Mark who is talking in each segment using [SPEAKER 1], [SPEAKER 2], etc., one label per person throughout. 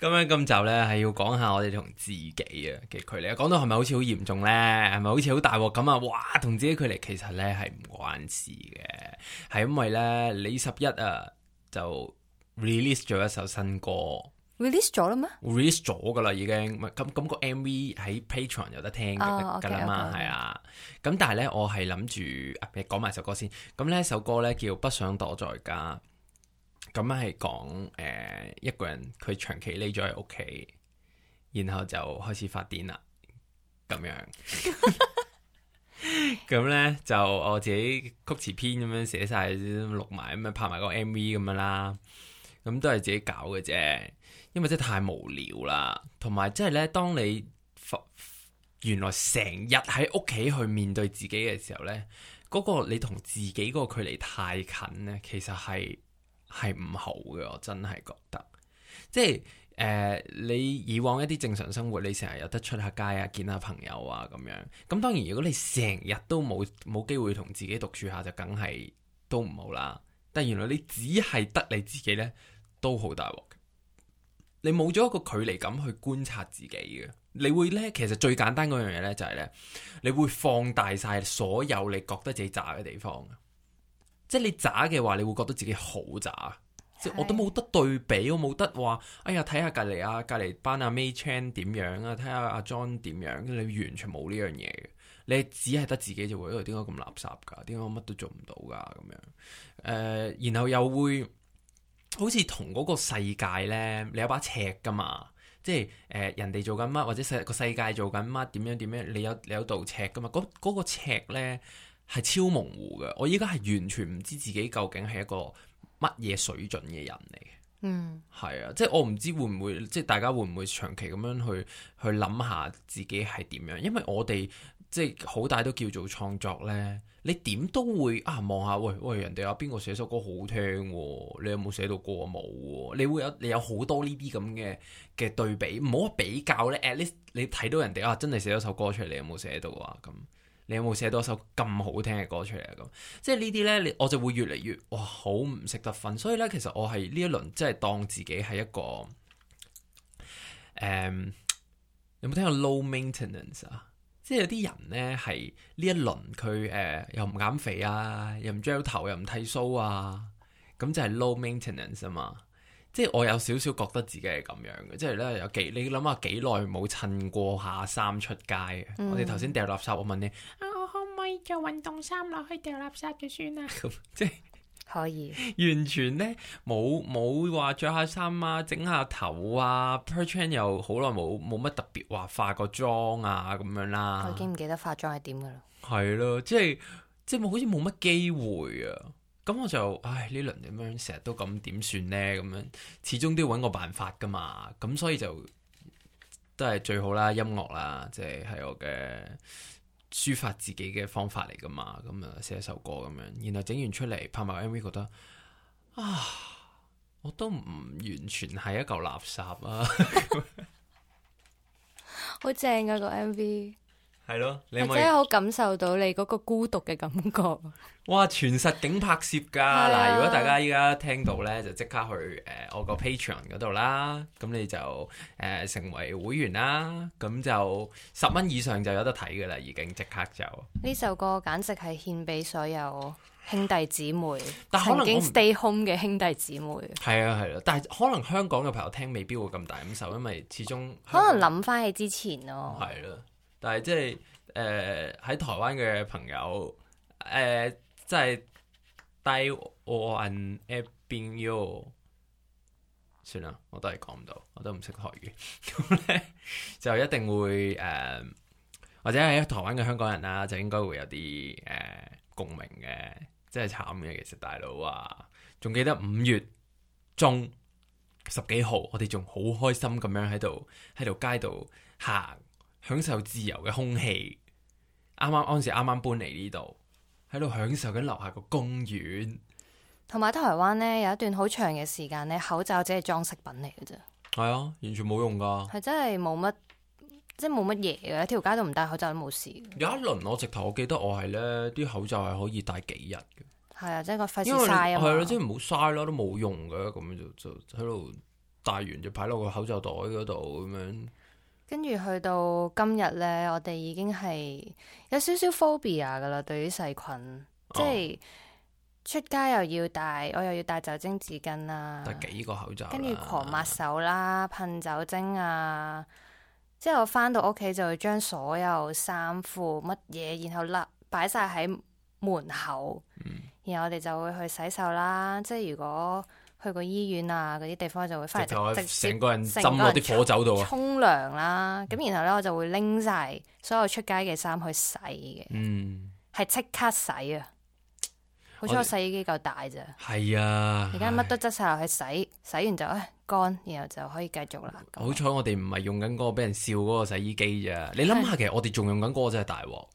[SPEAKER 1] 咁樣今集咧係要講下我哋同自己啊嘅距離，講到係咪好似好嚴重咧？係咪好似好大鑊咁啊？哇！同自己距離其實咧係唔關事嘅，係因為咧李十一啊就 release 咗一首新歌
[SPEAKER 2] ，release 咗啦咩
[SPEAKER 1] ？release 咗噶啦，已經咁咁個 MV 喺 Patreon 有得聽嘅啦嘛，係、oh, okay , okay. 啊。咁但係咧我係諗住講埋首歌先，咁咧首歌咧叫不想躲在家。咁係講誒，一個人佢長期匿咗喺屋企，然後就開始發癲啦，咁樣。咁 咧 就我自己曲詞編咁樣寫曬，錄埋咁樣拍埋個 MV 咁樣啦。咁都係自己搞嘅啫，因為真係太無聊啦。同埋即係咧，當你原來成日喺屋企去面對自己嘅時候咧，嗰、嗰個你同自己個距離太近咧，其實係。係唔好嘅。我真係覺得，即係誒、呃，你以往一啲正常生活，你成日有得出下街啊，見下朋友啊，咁樣。咁當然，如果你成日都冇冇機會同自己獨處下，就梗係都唔好啦。但原來你只係得你自己呢，都好大鑊。你冇咗一個距離感去觀察自己嘅，你會呢，其實最簡單嗰樣嘢呢，就係、是、呢：你會放大晒所有你覺得自己渣嘅地方。即係你渣嘅話，你會覺得自己好渣，是即係我都冇得對比，我冇得話，哎呀，睇下隔籬啊，隔籬班啊，May Chan 點樣啊，睇下阿 John 點樣、啊，你完全冇呢樣嘢嘅，你只係得自己就會，點解咁垃圾噶？點解我乜都做唔到噶？咁樣，誒、呃，然後又會好似同嗰個世界咧，你有把尺噶嘛？即係誒、呃，人哋做緊乜，或者世個世界做緊乜，點樣點樣？你有你有道尺噶嘛？嗰嗰、那個尺咧。係超模糊嘅，我依家係完全唔知自己究竟係一個乜嘢水準嘅人嚟。嗯，係啊，即係我唔知會唔會，即係大家會唔會長期咁樣去去諗下自己係點樣？因為我哋即係好大都叫做創作咧，你點都會啊望下，喂喂，人哋啊邊個寫首歌好聽喎、啊？你有冇寫到歌啊？冇、啊，你會有你有好多呢啲咁嘅嘅對比，唔好比較咧。At least 你睇到人哋啊，真係寫咗首歌出嚟，你有冇寫到啊？咁。你有冇寫多首咁好聽嘅歌出嚟啊？咁即係呢啲呢，你我就會越嚟越哇，好唔識得瞓。所以呢，其實我係呢一輪真係當自己係一個誒、嗯，有冇聽過 low maintenance 啊？即係有啲人呢，係呢一輪佢誒、呃、又唔減肥，肥啊，又唔剪頭，又唔剃鬚啊，咁就係 low maintenance 啊嘛～即係我有少少覺得自己係咁樣嘅，即係咧，有幾你諗下幾耐冇襯過下衫出街？嗯、我哋頭先掉垃圾，我問你，我可唔可以着運動衫落去掉垃圾就算啦？即係
[SPEAKER 2] 是可以，
[SPEAKER 1] 完全咧冇冇話着下衫啊，整下頭啊 Per 又好耐冇冇乜特別話化個妝啊咁樣啦、啊。我記
[SPEAKER 2] 唔記得化妝係點噶啦？
[SPEAKER 1] 係咯，即係即係好似冇乜機會啊。咁我就唉，呢輪點樣成日都咁點算呢？咁樣始終都要揾個辦法噶嘛，咁所以就都係最好啦，音樂啦，即係係我嘅抒發自己嘅方法嚟噶嘛，咁啊寫一首歌咁樣，然後整完出嚟拍埋 MV，覺得啊，我都唔完全係一嚿垃圾啊，好
[SPEAKER 2] 正啊個 MV！係咯，或者好感受到你嗰個孤獨嘅感覺。
[SPEAKER 1] 哇，全實景拍攝噶嗱！ 啊、如果大家依家聽到咧，就即刻去誒、呃、我個 Patreon 嗰度啦，咁你就誒、呃、成為會員啦，咁就十蚊以上就有得睇噶啦，已經即刻就。
[SPEAKER 2] 呢首歌簡直係獻俾所有兄弟姊妹， 但可能曾經 stay home 嘅兄弟姊妹。
[SPEAKER 1] 係 啊係啊，啊，但係可能香港嘅朋友聽未必會咁大感受，因為始終
[SPEAKER 2] 可能諗翻起之前咯、啊。係
[SPEAKER 1] 啦、 啊。但係即係誒喺台灣嘅朋友，誒即係低 g you。算啦，我都係講唔到，我都唔識台語，咁 咧就一定會誒、呃，或者係台灣嘅香港人啦、啊，就應該會有啲誒、呃、共鳴嘅，真係慘嘅，其實大佬啊，仲記得五月中十幾號，我哋仲好開心咁樣喺度喺度街度行。享受自由嘅空氣，啱啱嗰陣時啱啱搬嚟呢度，喺度享受緊樓下個公園。
[SPEAKER 2] 同埋台灣咧有一段好長嘅時間咧，口罩只係裝飾品嚟嘅啫。
[SPEAKER 1] 係啊，完全冇用噶。
[SPEAKER 2] 係真係冇乜，即係冇乜嘢嘅，一條街都唔戴口罩都冇事。
[SPEAKER 1] 有一輪我直頭我記得我係咧，啲口罩係可以戴幾日
[SPEAKER 2] 嘅。係啊，即係個費事嘥啊嘛。係咯，
[SPEAKER 1] 即係唔好嘥咯，都冇用嘅咁樣就就喺度戴完就擺落個口罩袋嗰度咁樣。
[SPEAKER 2] 跟住去到今日呢，我哋已經係有少少 phobia 噶啦，對於細菌，哦、即係出街又要戴，我又要戴酒精紙巾啊，戴
[SPEAKER 1] 幾個口罩，跟住
[SPEAKER 2] 狂抹手啦，噴酒精啊，之後翻到屋企就會將所有衫褲乜嘢，然後立擺晒喺門口，嗯、然後我哋就會去洗手啦。即係如果。去個醫院啊，嗰啲地方就會翻嚟，成個人浸落啲火酒度啊！沖涼啦，咁然後咧我就會拎晒所有出街嘅衫去洗嘅，嗯，係即刻洗啊！
[SPEAKER 1] 好彩我洗衣
[SPEAKER 2] 機夠大咋，
[SPEAKER 1] 係啊！而家乜
[SPEAKER 2] 都執晒落去洗，唉洗完就誒乾，然後就可以繼續啦。
[SPEAKER 1] 好彩我哋唔係用緊嗰個俾人笑嗰個洗衣機啫，的你諗下其實我哋仲用緊嗰個真係大鑊。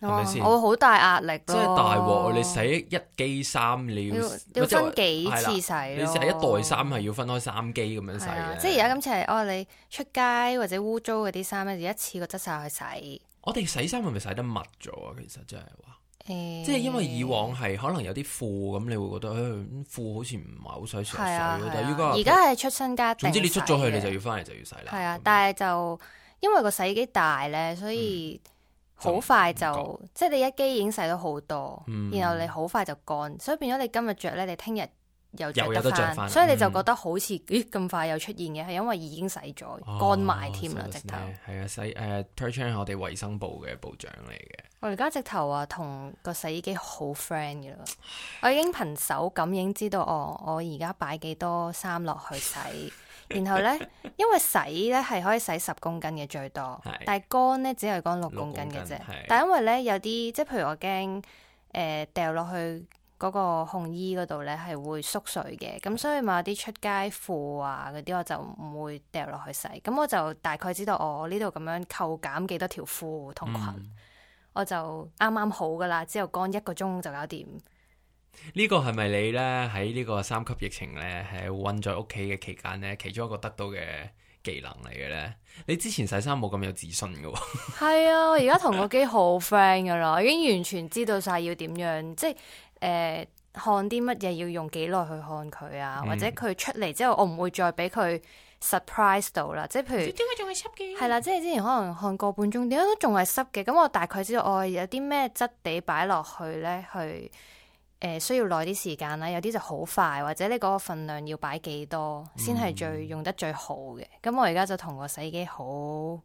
[SPEAKER 2] 是是哦、我好大壓力咯，即係大
[SPEAKER 1] 鑊！你洗一機衫，你要，要分幾次洗，你洗一袋衫係要分開三機咁樣洗嘅。即係而家
[SPEAKER 2] 今次係，哦，你出街或者污糟嗰啲衫咧，一次個執晒去洗。
[SPEAKER 1] 我哋洗衫係咪洗得密咗啊？其實、欸、即係話，
[SPEAKER 2] 即係因為以
[SPEAKER 1] 往係可能有啲褲咁，你會覺得，嗯、哎，褲好似唔係好想洗水。的但係如果而家係
[SPEAKER 2] 出新家，總之你出咗去，你就
[SPEAKER 1] 要翻嚟就要洗啦。係
[SPEAKER 2] 啊，但係就因為個洗衣機大咧，所以、嗯。好快就，就即係你一機已經洗咗好多，嗯、然後你好快就乾，所以變咗你今日着咧，你聽日又,又又得着翻，所以你就覺得好似咦咁快又出現嘅，係、嗯、因為已經洗咗乾埋添啦，直頭
[SPEAKER 1] 係啊洗誒 Touching 我哋衛生部嘅部長嚟嘅，
[SPEAKER 2] 我而家直頭啊同個洗衣機好 friend 噶啦， 我已經憑手感應知道、哦、我我而家擺幾多衫落去洗。 然後咧，因為洗咧係可以洗十公斤嘅最多，是但係乾咧只係乾六公斤嘅啫。但係因為咧有啲，即係譬如我驚誒掉落去嗰個烘衣嗰度咧係會縮水嘅，咁是所以買啲出街褲啊嗰啲我就唔會掉落去洗。咁我就大概知道我呢度咁樣扣減，減幾多條褲同裙，嗯、我就啱啱好噶啦，只要乾一個鐘就搞掂。
[SPEAKER 1] 個，是是，呢個係咪你咧喺呢個三級疫情咧係困在屋企嘅期間咧其中一個得到嘅技能嚟嘅咧？你之前洗衫冇咁有自信噶喎、哦。
[SPEAKER 2] 係 啊，我而家同個機好 friend 噶啦，已經完全知道晒要點樣，即係誒、呃、看啲乜嘢要用幾耐去看佢啊，嗯、或者佢出嚟之後我唔會再俾佢 surprise 到啦。即係譬如點解仲係濕嘅？係啦、啊，即係之前可能看過半鐘點都仲係濕嘅，咁我大概知道我、哎、有啲咩質地擺落去咧去。誒，需要耐啲時間啦，有啲就好快，或者你嗰個份量要擺幾多先係最、嗯、用得最好嘅。咁我而家就同個洗衣機好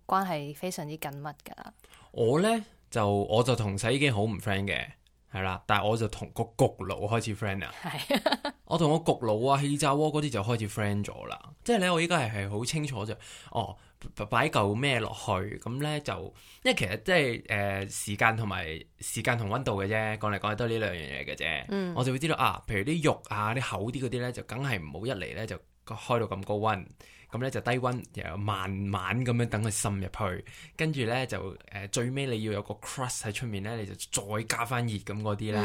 [SPEAKER 2] 關係非常之緊密噶啦。
[SPEAKER 1] 我呢，就我就同洗衣機好唔 friend 嘅，係啦，但係我就同個焗爐開始 friend 啊。係，我同個焗爐啊、氣炸鍋嗰啲就開始 friend 咗啦。即係呢，我依家係係好清楚就哦。擺嚿咩落去咁咧就，因為其實即係誒時間同埋時間同溫度嘅啫，講嚟講去都係呢兩樣嘢嘅啫。嗯、我就會知道啊，譬如啲肉啊、啲厚啲嗰啲咧，就梗係唔好一嚟咧就開到咁高溫。咁咧就低溫，然後慢慢咁樣等佢滲入去，跟住咧就誒、呃、最尾你要有個 crust 喺出面咧，你就再加翻熱咁嗰啲啦。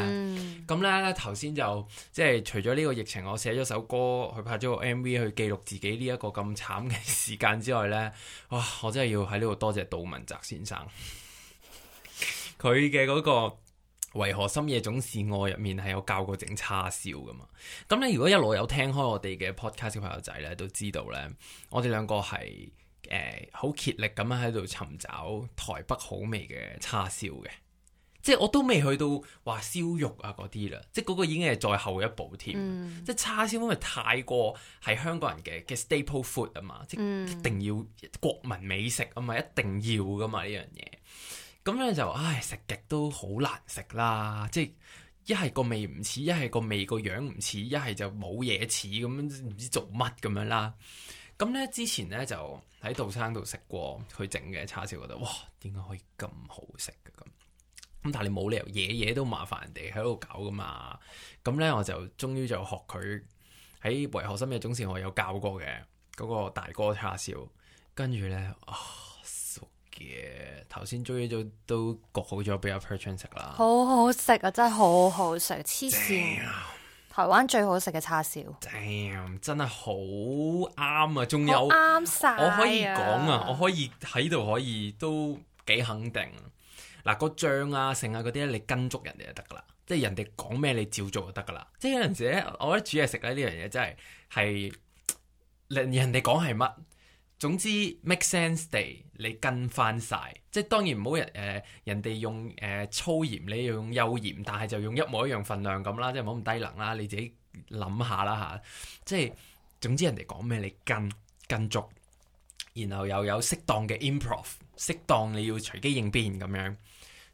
[SPEAKER 1] 咁咧頭先就即係除咗呢個疫情，我寫咗首歌，去拍咗個 MV 去記錄自己呢一個咁慘嘅時間之外咧，哇！我真係要喺呢度多謝杜汶澤先生，佢嘅嗰個，為何深夜總是我入面係有教過整叉燒噶嘛？咁咧，如果一路有聽開我哋嘅 podcast 朋友仔咧，都知道咧，我哋兩個係誒好竭力咁樣喺度尋找台北好味嘅叉燒嘅，即係我都未去到話燒肉啊嗰啲啦，即係嗰個已經係再後一步添。嗯、即係叉燒，因為太過係香港人嘅嘅 staple food 啊嘛，嗯、即一定要國民美食啊嘛，一定要噶嘛呢樣嘢。咁咧就唉食極都好難食啦，即係一係個味唔似，一係個味個樣唔似，一係就冇嘢似咁，唔知做乜咁樣啦。咁咧之前咧就喺道生度食過佢整嘅叉燒，覺得哇，點解可以咁好食嘅咁咁，但係你冇理由嘢嘢都麻煩人哋喺度搞㗎嘛。咁咧我就終於就學佢喺為學生嘅種時，我有教過嘅嗰個大哥叉燒，跟住咧啊。嘅頭先終於都都焗好咗俾阿 Per Chan 食啦，
[SPEAKER 2] 好好食啊，真係好好食，黐線！Damn！台灣最好食嘅叉燒
[SPEAKER 1] Damn 真係好啱啊，仲有啱
[SPEAKER 2] 晒，適我可以講啊，啊我
[SPEAKER 1] 可以喺度可以都幾肯定。嗱，個醬啊，剩、那個、啊嗰啲，你跟足人哋就得噶啦，即係人哋講咩，你照做就得噶啦。即係有陣時我覺得煮嘢食咧呢樣嘢、這個、真係係人哋講係乜。總之 make sense 地，你跟翻晒，即係當然唔好人誒、呃、人哋用誒粗鹽，你要用幼鹽，但係就用一模一樣份量咁啦，即係唔好咁低能啦，你自己諗下啦吓，即係總之人哋講咩你跟跟足，然後又有適當嘅 improve，適當你要隨機應變咁樣。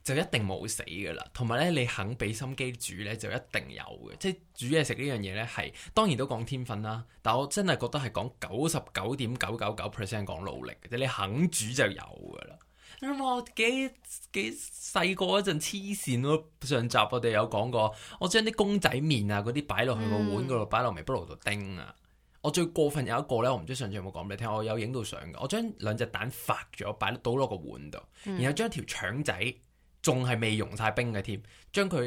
[SPEAKER 1] 就一定冇死噶啦，同埋咧，你肯俾心機煮咧，就一定有嘅。即係煮嘢食呢樣嘢咧，係當然都講天分啦，但我真係覺得係講九十九點九九九 percent 講努力嘅，即係你肯煮就有噶啦。你我幾幾細個嗰陣黐線咯，上集我哋有講過，我將啲公仔麵啊嗰啲擺落去個碗嗰度，擺落、嗯、微波爐度叮啊。我最過分有一個咧，我唔知上次有冇講俾你聽，我有影到相嘅，我將兩隻蛋發咗，擺倒落個碗度，嗯、然後將條腸仔。仲係未溶晒冰嘅添，將佢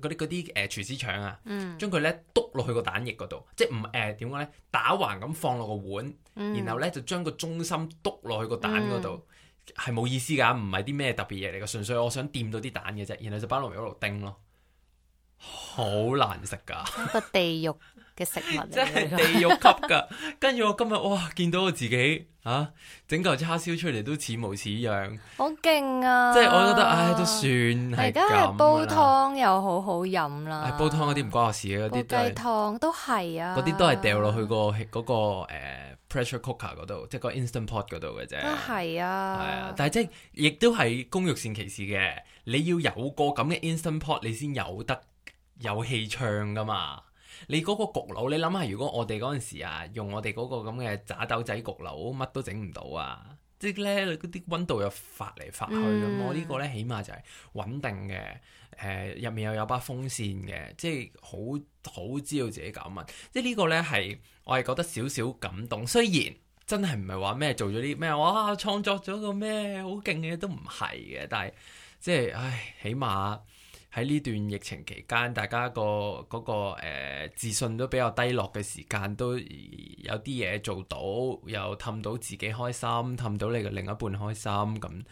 [SPEAKER 1] 嗰啲啲誒廚師腸啊，嗯、將佢咧篤落去個蛋液嗰度，即係唔誒點講咧，打橫咁放落個碗，嗯、然後咧就將個中心篤落去個蛋嗰度，係冇、嗯、意思㗎，唔係啲咩特別嘢嚟㗎，純粹我想掂到啲蛋嘅啫，然後就擺落嚟一度叮咯，好難食㗎。一
[SPEAKER 2] 個地獄。 嘅食物 真，即係地獄級
[SPEAKER 1] 噶。跟住我今日哇，見到我自己吓整嚿叉燒出嚟都似模似樣，
[SPEAKER 2] 好勁啊！即係我覺得，唉，都
[SPEAKER 1] 算係咁。而家煲
[SPEAKER 2] 湯又好好飲啦。煲
[SPEAKER 1] 湯嗰啲唔關我事啊，啲雞
[SPEAKER 2] 湯都係啊、那個。嗰啲都係
[SPEAKER 1] 掉落去個嗰個、呃、誒 pressure cooker 嗰度，即係個 instant pot 嗰度嘅啫。係啊，
[SPEAKER 2] 係啊，但係
[SPEAKER 1] 即係亦都係工欲善其事嘅。你要有個咁嘅 instant pot，你先有得有氣唱噶嘛。你嗰個焗爐，你諗下，如果我哋嗰陣時啊，用我哋嗰個咁嘅渣豆仔焗爐，乜都整唔到啊！即係咧，嗰啲溫度又發嚟發去咁。我、嗯、呢個咧，起碼就係穩定嘅。誒、呃，入面又有把風扇嘅，即係好好知道自己搞乜。即係呢個咧，係我係覺得少少感動。雖然真係唔係話咩做咗啲咩哇，創作咗個咩好勁嘅嘢都唔係嘅，但係即係唉，起碼。喺呢段疫情期間，大家、嗰個嗰個、呃、自信都比較低落嘅時間，都有啲嘢做到，又氹到自己開心，氹到你嘅另一半開心，咁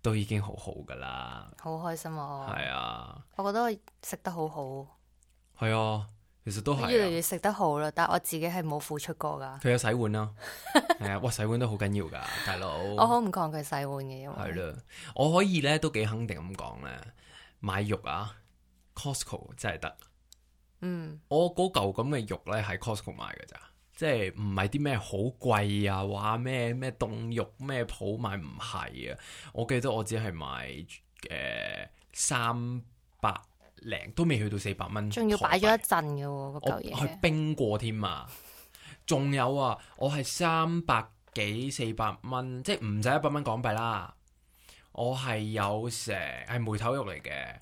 [SPEAKER 1] 都已經好好噶啦。
[SPEAKER 2] 好開心啊！係啊，我覺得食得好好。
[SPEAKER 1] 係啊，其實都係、啊、越嚟
[SPEAKER 2] 越食得好啦，但係我自己係冇付出過㗎。
[SPEAKER 1] 佢有洗碗啦、啊，係 啊，哇！洗碗都好緊要㗎，大佬。我好
[SPEAKER 2] 唔抗拒洗碗嘅，因為係
[SPEAKER 1] 咯、啊，我可以咧都幾肯定咁講咧。買肉啊，Costco 真係得，嗯，我嗰嚿咁嘅肉咧喺 Costco 買㗎咋，即係唔係啲咩好貴啊，話咩咩凍肉咩鋪買唔係啊，我記得我只係買誒三百零都未去到四百蚊，仲要
[SPEAKER 2] 擺咗一陣㗎喎，嗰嚿嘢，去
[SPEAKER 1] 冰過添啊。仲有啊，我係三百幾四百蚊，即係唔使一百蚊港幣啦。我係有成係梅頭肉嚟嘅，誒、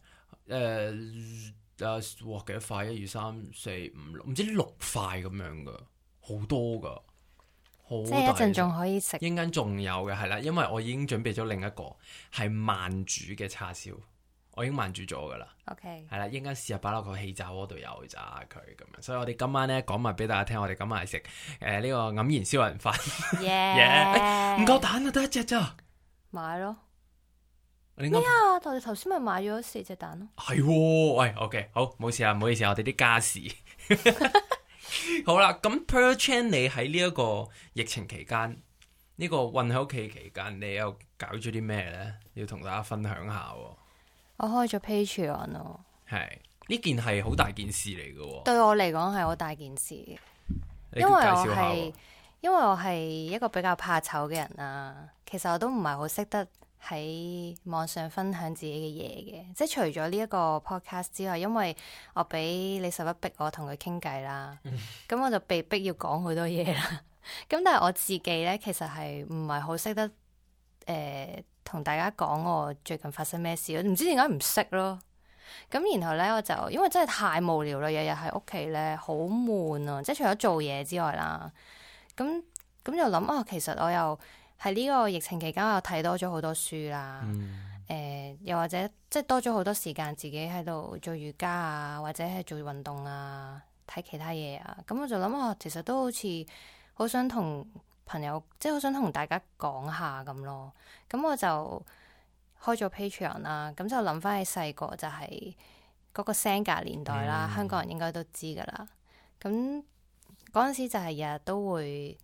[SPEAKER 1] 呃、誒、呃，哇幾多塊？一、二、三、四、五、六，唔知六塊咁樣嘅，好多噶，好即係一陣仲可以食。陣間仲有嘅，係啦，因為我已經準備咗另一個係慢煮嘅叉燒，我已經慢煮咗㗎啦。OK，係啦，陣間試下擺落個氣炸鍋度油炸佢咁樣。所以我哋今晚咧講埋俾大家聽，我哋今晚係食誒呢個黯然銷魂飯。y Yeah .唔、 欸、
[SPEAKER 2] 夠蛋啊，得一隻咋買咯。咩啊？我哋頭先咪買咗四隻蛋咯。係，
[SPEAKER 1] 喂，OK，好，冇事啊，唔好意思，我哋啲家事 好。好啦，咁 Per Chan，你喺呢一個疫情期間，呢、這個困喺屋企期間，你又搞咗啲咩咧？要同大家分享下。
[SPEAKER 2] 我開咗 Patreon 咯。
[SPEAKER 1] 係，呢件係好大件事嚟㗎、嗯。對我
[SPEAKER 2] 嚟講係好大件事，因為我係因為我係一個比較怕醜嘅人啊。其實我都唔係好識得。喺網上分享自己嘅嘢嘅，即係除咗呢一個 podcast 之外，因為我俾李十一逼我同佢傾偈啦，咁 我就被逼要講好多嘢啦。咁但係我自己咧，其實係唔係好識得誒同、呃、大家講我最近發生咩事，唔知點解唔識咯。咁然後咧，我就因為真係太無聊啦，日日喺屋企咧好悶啊，即係除咗做嘢之外啦。咁咁就諗啊，其實我又。喺呢個疫情期間，我睇多咗好多書啦。誒、嗯呃，又或者即係多咗好多時間，自己喺度做瑜伽啊，或者係做運動啊，睇其他嘢啊。咁我就諗，我、哦、其實都好似好想同朋友，即係好想同大家講下咁咯。咁我就開咗 Patreon 啦。咁就諗翻起細個就係嗰個聲價年代啦，嗯、香港人應該都知噶啦。咁嗰陣時就係日日都會。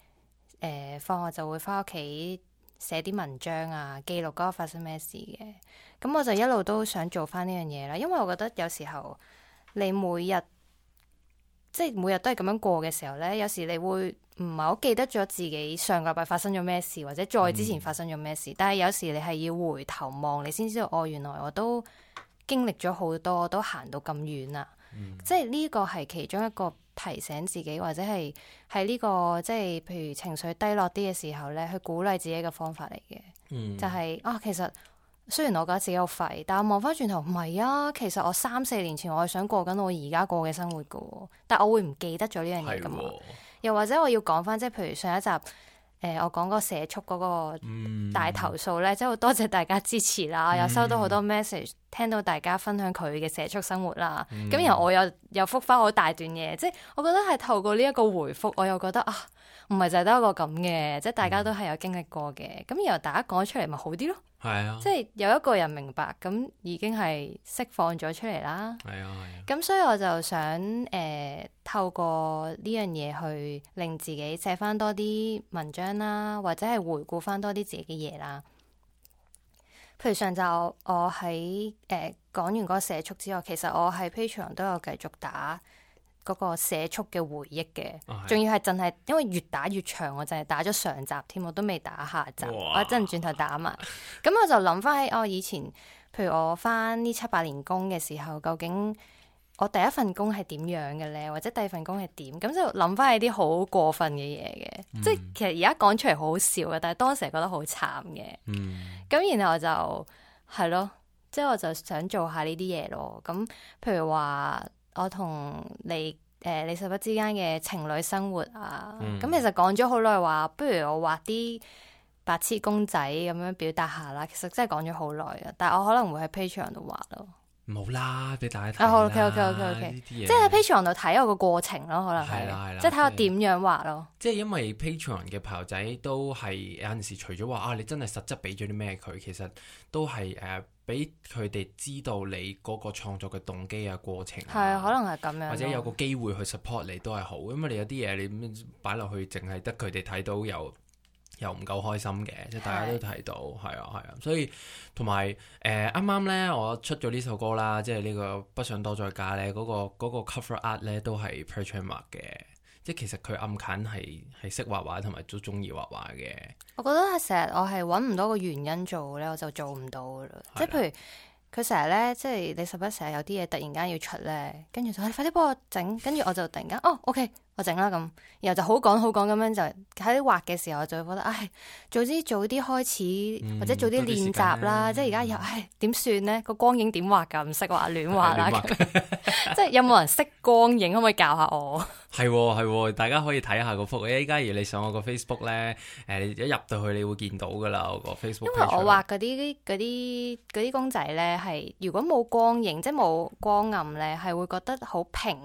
[SPEAKER 2] 誒、呃、放學就會翻屋企寫啲文章啊，記錄嗰個發生咩事嘅。咁我就一路都想做翻呢樣嘢啦，因為我覺得有時候你每日即係每日都係咁樣過嘅時候呢，有時你會唔係好記得咗自己上個禮拜發生咗咩事，或者再之前發生咗咩事。嗯、但係有時你係要回頭望，你先知道哦，原來我都經歷咗好多，都行到咁遠啊！嗯、即係呢個係其中一個提醒自己，或者係喺呢個即係譬如情緒低落啲嘅時候咧，去鼓勵自己嘅方法嚟嘅。嗯、就係、是、啊，其實雖然我覺得自己好廢，但我望翻轉頭唔係啊。其實我三四年前我係想過緊我而家過嘅生活噶，但我會唔記得咗呢樣嘢噶嘛？是哦、又或者我要講翻，即係譬如上一集。誒、呃，我講個社畜嗰個大投訴咧，即係好多謝大家支持啦，又收到好多 message，聽到大家分享佢嘅社畜生活啦。咁、嗯、然後我又又復翻好大段嘢，即係我覺得係透過呢一個回覆，我又覺得啊，唔係就係得一個咁嘅，即係大家都係有經歷過嘅。咁然後大家講出嚟咪好啲咯。即係有一個人明白咁，已經係釋放咗出嚟啦。係咁所以我就想誒、呃，透過呢樣嘢去令自己寫翻多啲文章啦，或者係回顧翻多啲自己嘅嘢啦。譬如上晝我喺誒、呃、講完嗰個社畜之外，其實我喺 Patreon 都有繼續打。嗰個社畜嘅回憶嘅，仲要係真係，因為越打越長，我就係打咗上集添，我都未打下集，哇我真係轉頭打埋。咁 我就諗翻起我、哦、以前，譬如我翻呢七八年工嘅時候，究竟我第一份工係點樣嘅咧？或者第二份工係點？咁就諗翻起啲好過分嘅嘢嘅，嗯、即係其實而家講出嚟好笑嘅，但係當時係覺得好慘嘅。咁、嗯、然後就係咯，即係我就想做下呢啲嘢咯。咁譬如話，我同你，誒李拾壹之間嘅情侶生活啊，咁、嗯、其實講咗好耐，話不如我畫啲白痴公仔咁樣表達下啦。其實真係講咗好耐啊，但係我可能會喺 Patreon 度畫咯。
[SPEAKER 1] 好啦，俾大家睇。好 OK OK OK OK，呢啲嘢，即係
[SPEAKER 2] Patreon 度睇我個過程咯，可能係啦係啦，即係睇我點樣畫咯。
[SPEAKER 1] 即係因為 Patreon 嘅朋友仔都係有陣時除，除咗話啊，你真係實質俾咗啲咩佢，其實都係誒。Uh, 俾佢哋知道你嗰個創作嘅動機啊，過程啊，係
[SPEAKER 2] 啊，可能係咁樣，或者有個
[SPEAKER 1] 機會去 support 你都係好。因為有你有啲嘢你擺落去，淨係得佢哋睇到又又唔夠開心嘅，即係大家都睇到，係啊的，係啊，所以同埋誒啱啱咧，我出咗呢首歌啦，即係呢、這個不想躲在家咧，嗰、那個那個 cover art 咧都係 Per Chan 嘅。即係其實佢暗揀係，係識畫畫同埋都中意畫畫嘅。
[SPEAKER 2] 我覺得係成日我係揾唔到個原因做咧，我就做唔到嘅。即係譬如佢成日咧，即係你十一成日有啲嘢突然間要出咧，跟住就快啲幫我整，跟住我就突然間 哦 OK。我整啦，咁，然後就好講好講咁樣就喺畫嘅時候就會覺得，唉，早啲早啲開始、嗯、或者早啲練習啦，啊、即係而家又，唉，點算咧？個光影點畫噶？唔識畫，亂畫啦， 的 即係有冇人識光影？可唔可以教下我？
[SPEAKER 1] 係係、 哦哦，大家可以睇下個幅嘅。依家如你上我個 Facebook 咧、欸，誒，一入到去你會見到噶啦，我個 Facebook。因為我畫
[SPEAKER 2] 嗰啲啲啲公仔咧，係如果冇光影，即係冇光暗咧，係會覺得好平，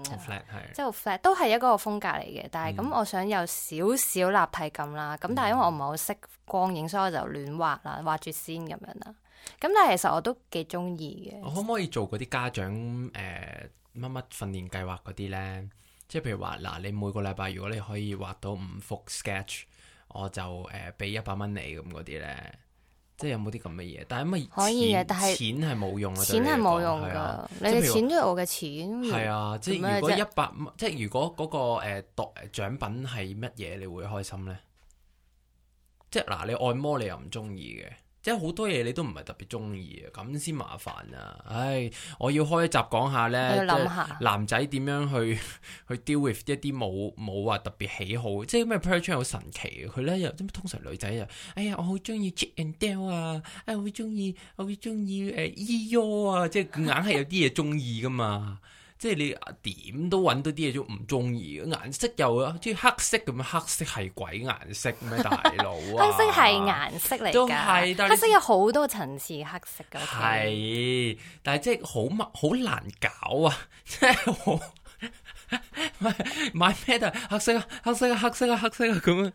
[SPEAKER 2] 即係好 flat 都係一個風隔籬嘅，但係咁、嗯、我想有少少立體感啦，咁、嗯、但係因為我唔係好識光影，所以我就亂畫啦，畫住先咁樣啦。咁但係其實我都幾中意嘅。我可
[SPEAKER 1] 唔可以做嗰啲家長誒乜乜訓練計劃嗰啲咧？即係譬如話嗱，你每個禮拜如果你可以畫到五幅 sketch，我就誒俾一百蚊你咁嗰啲咧？即係有冇啲咁嘅嘢？但係可以嘅，但係錢係錢係冇用啊，對錢係冇用噶。你錢
[SPEAKER 2] 都係我嘅錢。係啊，即係如果一
[SPEAKER 1] 百麼即係如果嗰、那個誒、呃、獎品係乜嘢，你會開心咧？即係嗱、啊，你按摩你又唔中意嘅。有好多嘢你都唔係特別中意啊，咁先麻煩啊！唉，我要開一集講下咧，我要諗下男仔點樣去去 deal with 一啲冇冇話特別喜好，即係咩 Per Chan 好神奇，佢咧又，通常女仔、哎、啊，哎呀，我好中意 check and Dell 啊，我好中意，我、哎、好中意誒 euro 啊，即係硬係有啲嘢中意噶嘛。 即係你點都揾到啲嘢都唔中意，顏色又啊，即係黑色咁樣，黑色係鬼顏色咩？大佬啊， 黑色係顏色嚟㗎，都係，但黑色
[SPEAKER 2] 有好多層次，黑色㗎。
[SPEAKER 1] 係，但係即係好乜好難搞啊！即係 買買咩㗎？黑色啊，黑色啊，黑色啊，黑色啊，咁樣。黑色啊，黑色啊。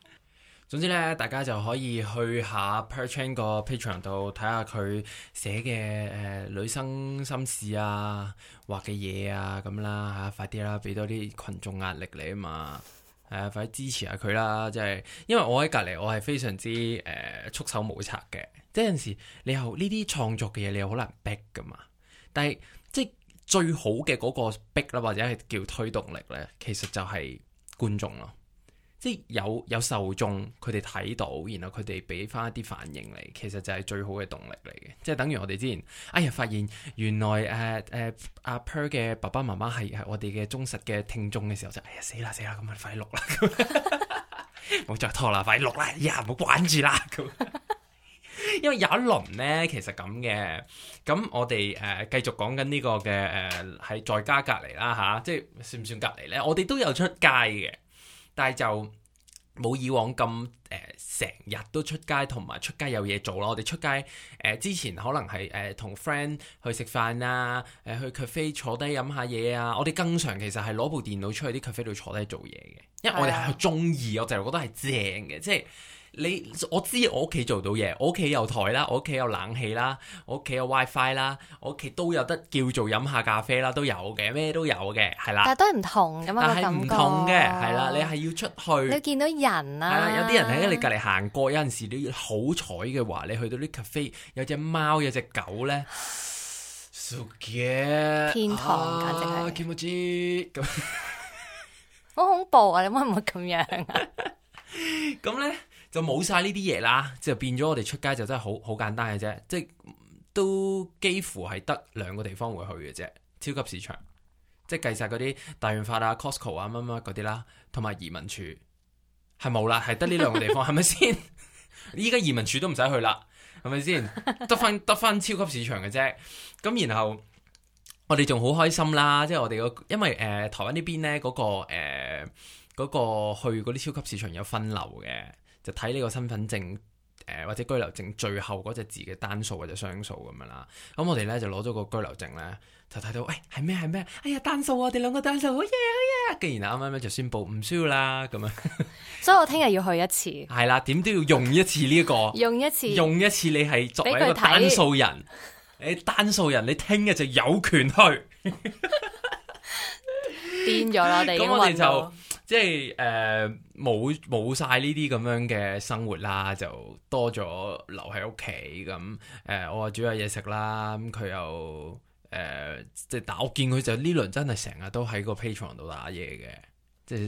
[SPEAKER 1] 總之咧，大家就可以去下 Per Chan 個 Patreon 度睇下佢寫嘅誒女生心事啊，畫嘅嘢啊咁啦吓，快啲啦，俾多啲群眾壓力你啊嘛，係快啲支持下佢啦！即係，因為我喺隔籬，我係非常之誒束手無策嘅。即係有時你又呢啲創作嘅嘢，你又好難逼噶嘛。但係即係最好嘅嗰個逼啦，或者係叫推動力咧，其實就係觀眾咯。即係有有受眾，佢哋睇到，然後佢哋俾翻一啲反應嚟，其實就係最好嘅動力嚟嘅。即係等於我哋之前，哎呀發現原來誒誒阿 Per 嘅爸爸媽媽係係我哋嘅忠實嘅聽眾嘅時候，就是、哎呀死啦死啦，咁咪快錄啦，我著 拖啦，快錄啦，呀，唔好管住啦。咁因為有一輪咧，其實咁嘅，咁我哋誒繼續講緊呢個嘅誒喺在家隔離啦吓，即係算唔算隔離咧？我哋都有出街嘅。但係就冇以往咁誒，成、呃、日都出街同埋出街有嘢做咯。我哋出街誒、呃、之前可能係誒同 friend 去食飯啊，誒、呃、去 cafe 坐低飲下嘢啊。我哋經常其實係攞部電腦出去啲 cafe 度坐低做嘢嘅，因為我哋係鍾意，的我就覺得係正嘅，即係。你我知我屋企做到嘢，我屋企有台啦，我屋企有冷氣啦，我屋企有 WiFi 啦，我屋企都有得叫做飲下咖啡啦，都有嘅，咩都有嘅，係啦。但
[SPEAKER 2] 都係唔同咁啊，個唔同嘅，係、啊、啦，你係
[SPEAKER 1] 要出去。
[SPEAKER 2] 你見到人啊，係啦、啊，有啲人喺你
[SPEAKER 1] 隔籬行過，有陣時都好彩嘅話，你去到啲 cafe，有隻貓，有隻狗咧。s u 唉天堂、啊、簡直係。見咁
[SPEAKER 2] imo 好恐怖啊！你可唔可以咁樣、啊？
[SPEAKER 1] 咁咧？ 就冇晒呢啲嘢啦，就變咗我哋出街就真係好好簡單嘅啫，即係都幾乎係得兩個地方會去嘅啫，超級市場，即係計晒嗰啲大潤發啊、Costco 啊、乜乜嗰啲啦，同埋移民處係冇啦，係得呢兩個地方係咪 先？依家移民處都唔使去啦，係咪先？得翻得翻超級市場嘅啫，咁然後我哋仲好開心啦，即係我哋、嗰個、因為誒、呃、台灣邊呢邊咧嗰個誒嗰、呃嗰個去嗰啲超級市場有分流嘅。就睇呢個身份證誒、呃、或者居留證最後嗰隻字嘅單數或者雙數咁樣啦，咁我哋咧就攞咗個居留證咧，就睇到，喂係咩係咩，
[SPEAKER 2] 哎呀單數啊，我哋兩個單數，好嘢好
[SPEAKER 1] 嘢，既然啱啱啱就宣佈唔需要啦，咁樣，
[SPEAKER 2] 所以我聽日要去一次，
[SPEAKER 1] 係啦，點都要用一次呢，這、一個，
[SPEAKER 2] 用一次，用
[SPEAKER 1] 一次你係作為一個單數人，誒單數人，你聽日就有權去，
[SPEAKER 2] 變咗啦，我哋咁我哋就。
[SPEAKER 1] 即係誒，冇冇晒呢啲咁樣嘅生活啦，就多咗留喺屋企咁。誒、呃，我煮下嘢食啦，咁佢又誒，即係但我見佢就呢輪真係成日都喺個 Patreon 度打嘢嘅。即係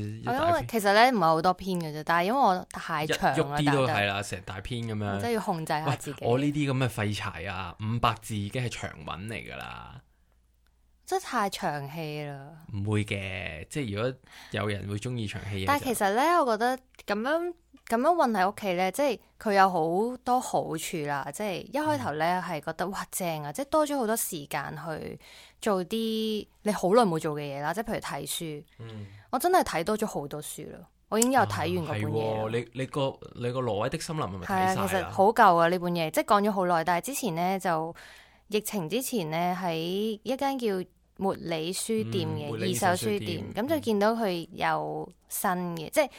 [SPEAKER 1] 因為
[SPEAKER 2] 其實咧唔係好多篇嘅啫，但係因為我太長喐啲都係
[SPEAKER 1] 啦，成就大篇咁樣，即係要
[SPEAKER 2] 控制下自己。我呢
[SPEAKER 1] 啲咁嘅廢柴啊，五百字已經係長文嚟噶啦。
[SPEAKER 2] 即係太長氣啦，
[SPEAKER 1] 唔會嘅，即係如果有人會中意長氣，但係其
[SPEAKER 2] 實咧，我覺得咁樣咁樣韞喺屋企咧，即係佢有好多好處啦。即係一開頭咧係覺得、嗯、哇正啊！即係多咗好多時間去做啲你好耐冇做嘅嘢啦。即係譬如睇書，嗯、我真係睇多咗好多書啦。我已經有睇完嗰本嘢啦、啊啊、
[SPEAKER 1] 你你個你個挪威的森林係咪睇晒、啊、其實好
[SPEAKER 2] 舊啊，呢本嘢即係講咗好耐。但係之前咧就疫情之前咧喺一間叫茉莉書店嘅、嗯、二手書店，咁就見到佢有新嘅、嗯呃，即係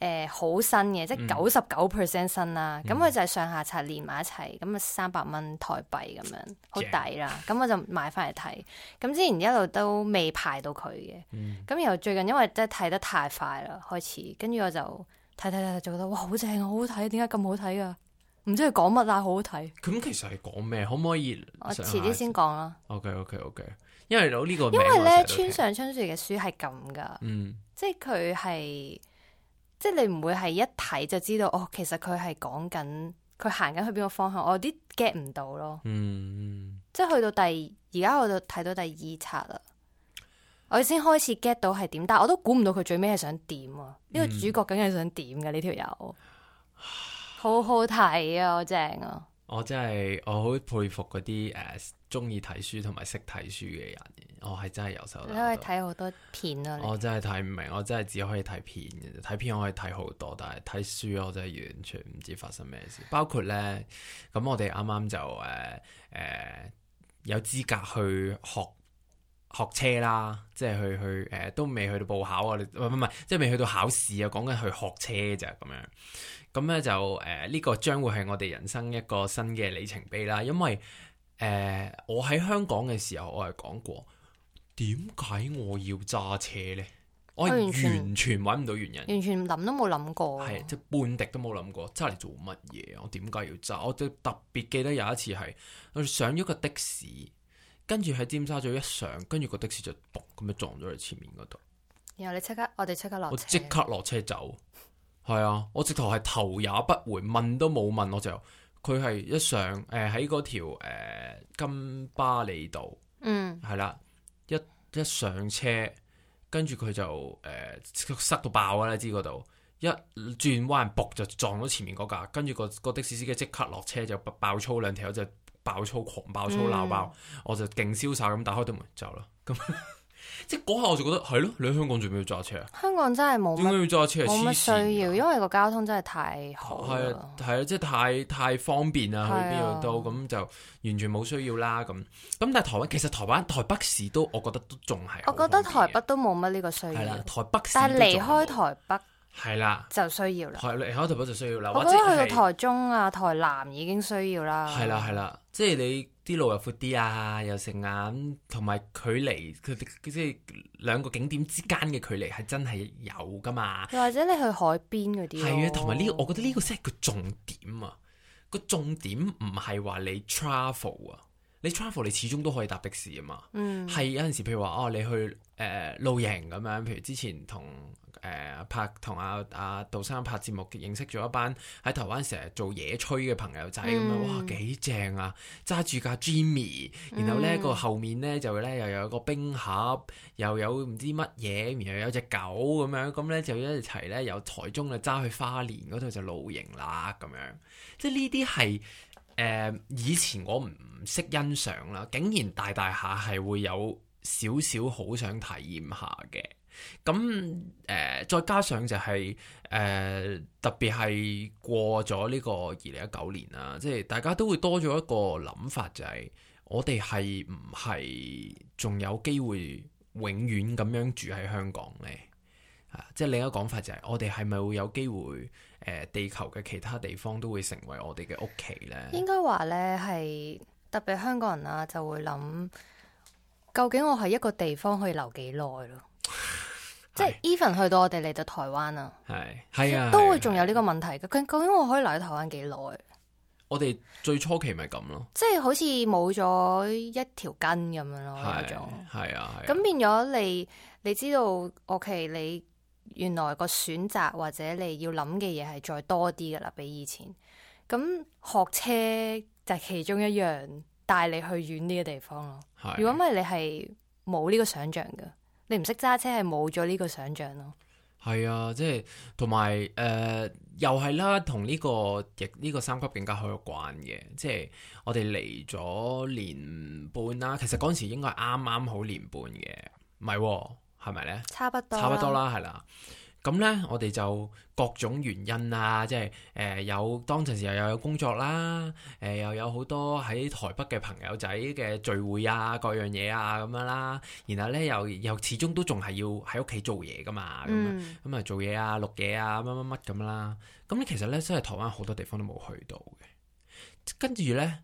[SPEAKER 2] 誒好新嘅，即係九十九 percent 新啦。咁佢就係上下冊連埋一齊，咁啊，三百蚊台幣咁樣，好抵啦。咁、嗯、我就買翻嚟睇。咁之前一路都未排到佢嘅，咁然後最近因為真係睇得太快啦，開始跟住我就睇睇睇睇，就覺得哇好正、啊，好好睇，嗯、Woods 點解咁好睇噶？唔知佢講乜啊，好好睇。
[SPEAKER 1] 咁其實係講咩？可唔可以？我遲啲先講啦。OK OK OK。因為，因為呢個，因為咧，村上
[SPEAKER 2] 春樹嘅書係咁噶，即係佢係，即係你唔會係一睇就知道哦，其實佢係講緊佢行緊去邊個方向，我有啲 get 唔到咯，嗯、即係去到第而家我就睇到第二冊啦，我先開始 get 到係點，但係我都估唔到佢最尾係想點啊！呢、這個主角梗係想點噶呢條友，嗯、好好睇啊，好正啊！
[SPEAKER 1] 我真係我好佩服嗰啲誒中意睇書同埋識睇書嘅人，我係真係有手你可以睇
[SPEAKER 2] 好多片咯、啊。我
[SPEAKER 1] 真係睇唔明，我真係只可以睇片嘅。睇片我可以睇好多，但係睇書我真係完全唔知發生咩事。包括呢，咁我哋啱啱就誒誒、呃呃、有資格去學學車啦，即係去去誒、呃、都未去到報考，我哋唔唔係即係未去到考試啊！講緊去學車咋咁樣。咁咧就誒呢、呃這個將會係我哋人生一個新嘅里程碑啦，因為誒、呃、我喺香港嘅時候，我係講過點解我要揸車咧，
[SPEAKER 2] 我完全
[SPEAKER 1] 揾唔到原因，完全
[SPEAKER 2] 諗都冇諗過，係
[SPEAKER 1] 即半滴都冇諗過揸嚟做乜嘢？我點解要揸？我特別記得有一次係我上咗個的士，跟住喺尖沙咀一上，跟住個的士就咚咁樣撞咗喺前面嗰度。
[SPEAKER 2] 然後你即刻，我哋即刻落，即刻
[SPEAKER 1] 落車走。係啊，我直頭係頭也不回，問都冇問，我就佢係一上，誒喺嗰條誒金巴利道，嗯，係啦，一一上車，跟住佢就誒、呃、塞到爆啦，知嗰度一轉彎仆就撞到前面嗰架，跟住、那個個的士司機即刻落車就爆粗兩條友，就爆粗狂爆粗鬧爆，嗯、我就勁瀟灑咁打開對門走啦咁。 即係嗰下我就覺得係咯，你喺香港做咩要揸車
[SPEAKER 2] 啊？香港真係冇，應該
[SPEAKER 1] 要揸車冇需
[SPEAKER 2] 要，因為個交通真係太好。係
[SPEAKER 1] 啊，係啊，即係太太方便啦，去邊度都咁就完全冇需要啦。咁咁但係台灣其實台灣台北市都我覺得都仲係，
[SPEAKER 2] 我覺得台北都冇乜呢個需要。
[SPEAKER 1] 台北市，但係離
[SPEAKER 2] 開台北係啦就需要啦。
[SPEAKER 1] 台離開台北就需要啦。或者去到
[SPEAKER 2] 台中啊、台南已經需要啦。係啦，
[SPEAKER 1] 係啦。即係你啲路又闊啲啊，又成啊，同埋距離佢即係兩個景點之間嘅距離係真係有㗎嘛？又
[SPEAKER 2] 或者你去海邊嗰啲、哦？係啊，同埋呢個，我
[SPEAKER 1] 覺得呢個先係個重點啊！個重點唔係話你 travel 啊，你 travel 你始終都可以搭的士啊嘛。嗯，係有陣時，譬如話哦，你去誒、呃、露營咁樣，譬如之前同，誒、呃、拍同阿阿杜生拍節目，認識咗一班喺台灣成日做野炊嘅朋友仔咁樣，嗯、哇幾正啊！揸住架 Jimmy、嗯、然後呢個後面呢，就呢又有一個冰盒，又有唔知乜嘢，然後有隻狗咁樣，咁呢就一齊呢，由台中就揸去花蓮嗰度就露營啦咁樣。即係呢啲係誒以前我唔唔識欣賞啦，竟然大大下係會有少少好想體驗下嘅。咁誒、呃，再加上就係、是、誒、呃，特別係過咗呢個二零一九年啦，即係大家都會多咗一個諗法，就係我哋係唔係仲有機會永遠咁樣住喺香港呢？啊、即係另一講法就係我哋係咪會有機會誒、呃，地球嘅其他地方都會成為我哋嘅屋企呢？應
[SPEAKER 2] 該話呢係特別香港人啊，就會諗究竟我係一個地方可以留幾耐咯？即係 even 是去到我哋嚟到台灣啊，
[SPEAKER 1] 係係啊，都會仲
[SPEAKER 2] 有呢個問題嘅。啊啊、究竟我可以留喺台灣幾耐？
[SPEAKER 1] 我哋最初期咪咁咯，
[SPEAKER 2] 即係好似冇咗一條根咁樣咯，嗰種
[SPEAKER 1] 係啊。咁、啊啊、
[SPEAKER 2] 變咗你，你知道我期、okay，你原來個選擇或者你要諗嘅嘢係再多啲㗎喇，比以前。咁學車就係其中一樣帶你去遠啲嘅地方咯。如果唔係你係冇呢個想像嘅。你唔識揸車係冇咗呢個想象咯，
[SPEAKER 1] 係啊，即係同埋誒，又係啦、這個，同呢個亦呢個三級警戒好有關嘅，即係我哋嚟咗年半啦、啊，其實嗰陣時應該係啱啱好年半嘅，唔係係咪咧？是不是
[SPEAKER 2] 呢？差不多，差不多啦，係
[SPEAKER 1] 啦、啊。咁咧，我哋就各種原因啊，即係誒、呃、有當陣時又有工作啦，誒、呃、又有好多喺台北嘅朋友仔嘅聚會啊，各樣嘢啊咁樣啦，然後咧又又始終都仲係要喺屋企做嘢噶嘛，咁咁、嗯、啊做嘢啊錄嘢啊乜乜乜咁啦，咁咧其實咧真係台灣好多地方都冇去到嘅，跟住咧。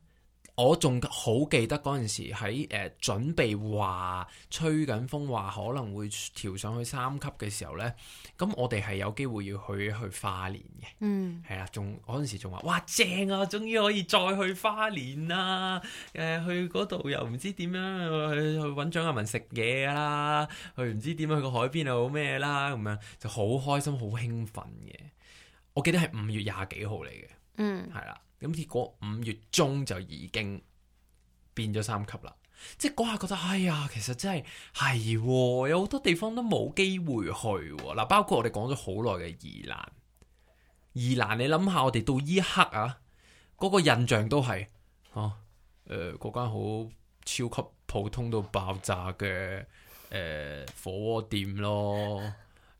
[SPEAKER 1] 我仲好記得嗰陣時喺誒、呃、準備話吹緊風，話可能會調上去三級嘅時候呢，咁我哋係有機會要去去花蓮
[SPEAKER 2] 嘅，嗯，
[SPEAKER 1] 係啦，仲嗰陣時仲話哇，正啊，終於可以再去花蓮啦，誒、呃、去嗰度又唔知點樣去去揾張亞文食嘢啦，去唔知點去個海邊又好咩啦，咁樣就好開心好興奮嘅。我記得係五月廿幾號嚟嘅，嗯，係啦。咁結果五月中就已經變咗三級啦，即係嗰下覺得哎呀，其實真係係、哦，有好多地方都冇機會去嗱、哦啊，包括我哋講咗好耐嘅宜蘭，宜蘭你諗下，我哋到依刻啊，嗰、那個印象都係啊，誒嗰間好超級普通到爆炸嘅誒、呃、火鍋店咯。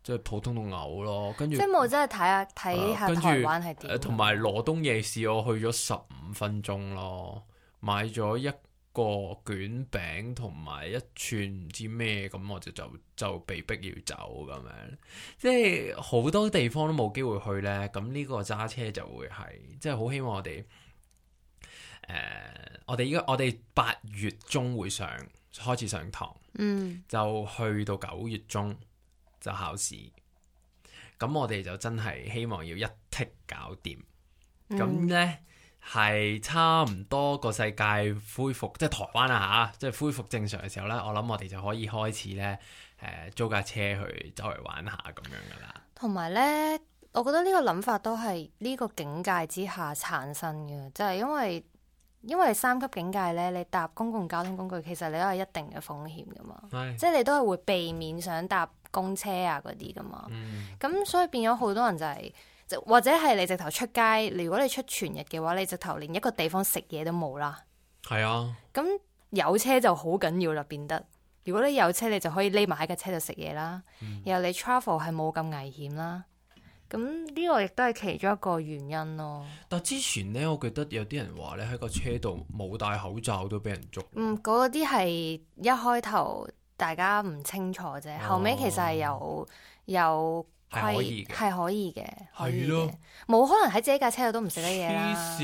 [SPEAKER 1] 即係普通到嘔咯，跟住即係我
[SPEAKER 2] 真係睇下睇下台灣係點，同埋
[SPEAKER 1] 羅東夜市我去咗十五分鐘咯，買咗一個捲餅同埋一串唔知咩，咁我就就就被逼要走咁樣，即係好多地方都冇機會去呢。咁呢個揸車就會係，即係好希望我哋誒、呃，我哋依家我哋八月中會上開始上堂，
[SPEAKER 2] 嗯，
[SPEAKER 1] 就去到九月中。就考試，咁我哋就真係希望要一剔搞掂。
[SPEAKER 2] 咁、嗯、呢
[SPEAKER 1] 係差唔多個世界恢復，即係台灣啊吓，即係恢復正常嘅時候呢。我諗我哋就可以開始呢誒、呃、租架車去周圍玩下咁樣噶啦。
[SPEAKER 2] 同埋呢，我覺得呢個諗法都係呢個警戒之下產生嘅，即、就、係、是、因為因為三級警戒呢，你搭公共交通工具其實你都係一定嘅風險噶嘛，即係是你都係會避免想搭。公車啊，嗰啲噶嘛，咁、嗯、所以變咗好多人就係、是，或者係你直頭出街，如果你出全日嘅話，你直頭連一個地方食嘢都冇啦。係啊，咁有車就好緊要啦，變得如果你有車，你就可以匿埋喺架車度食嘢啦，嗯、然後你 travel 係冇咁危險啦。咁呢、這個亦都係其中一個原因咯。
[SPEAKER 1] 但之前呢，我覺得有啲人話咧喺個車度冇戴口罩都俾人捉。
[SPEAKER 2] 嗯，嗰啲係一開頭。大家唔清楚啫，哦、後尾其實係有有係可以嘅，係可以嘅，冇可能喺自己架車度都唔食得嘢黐線。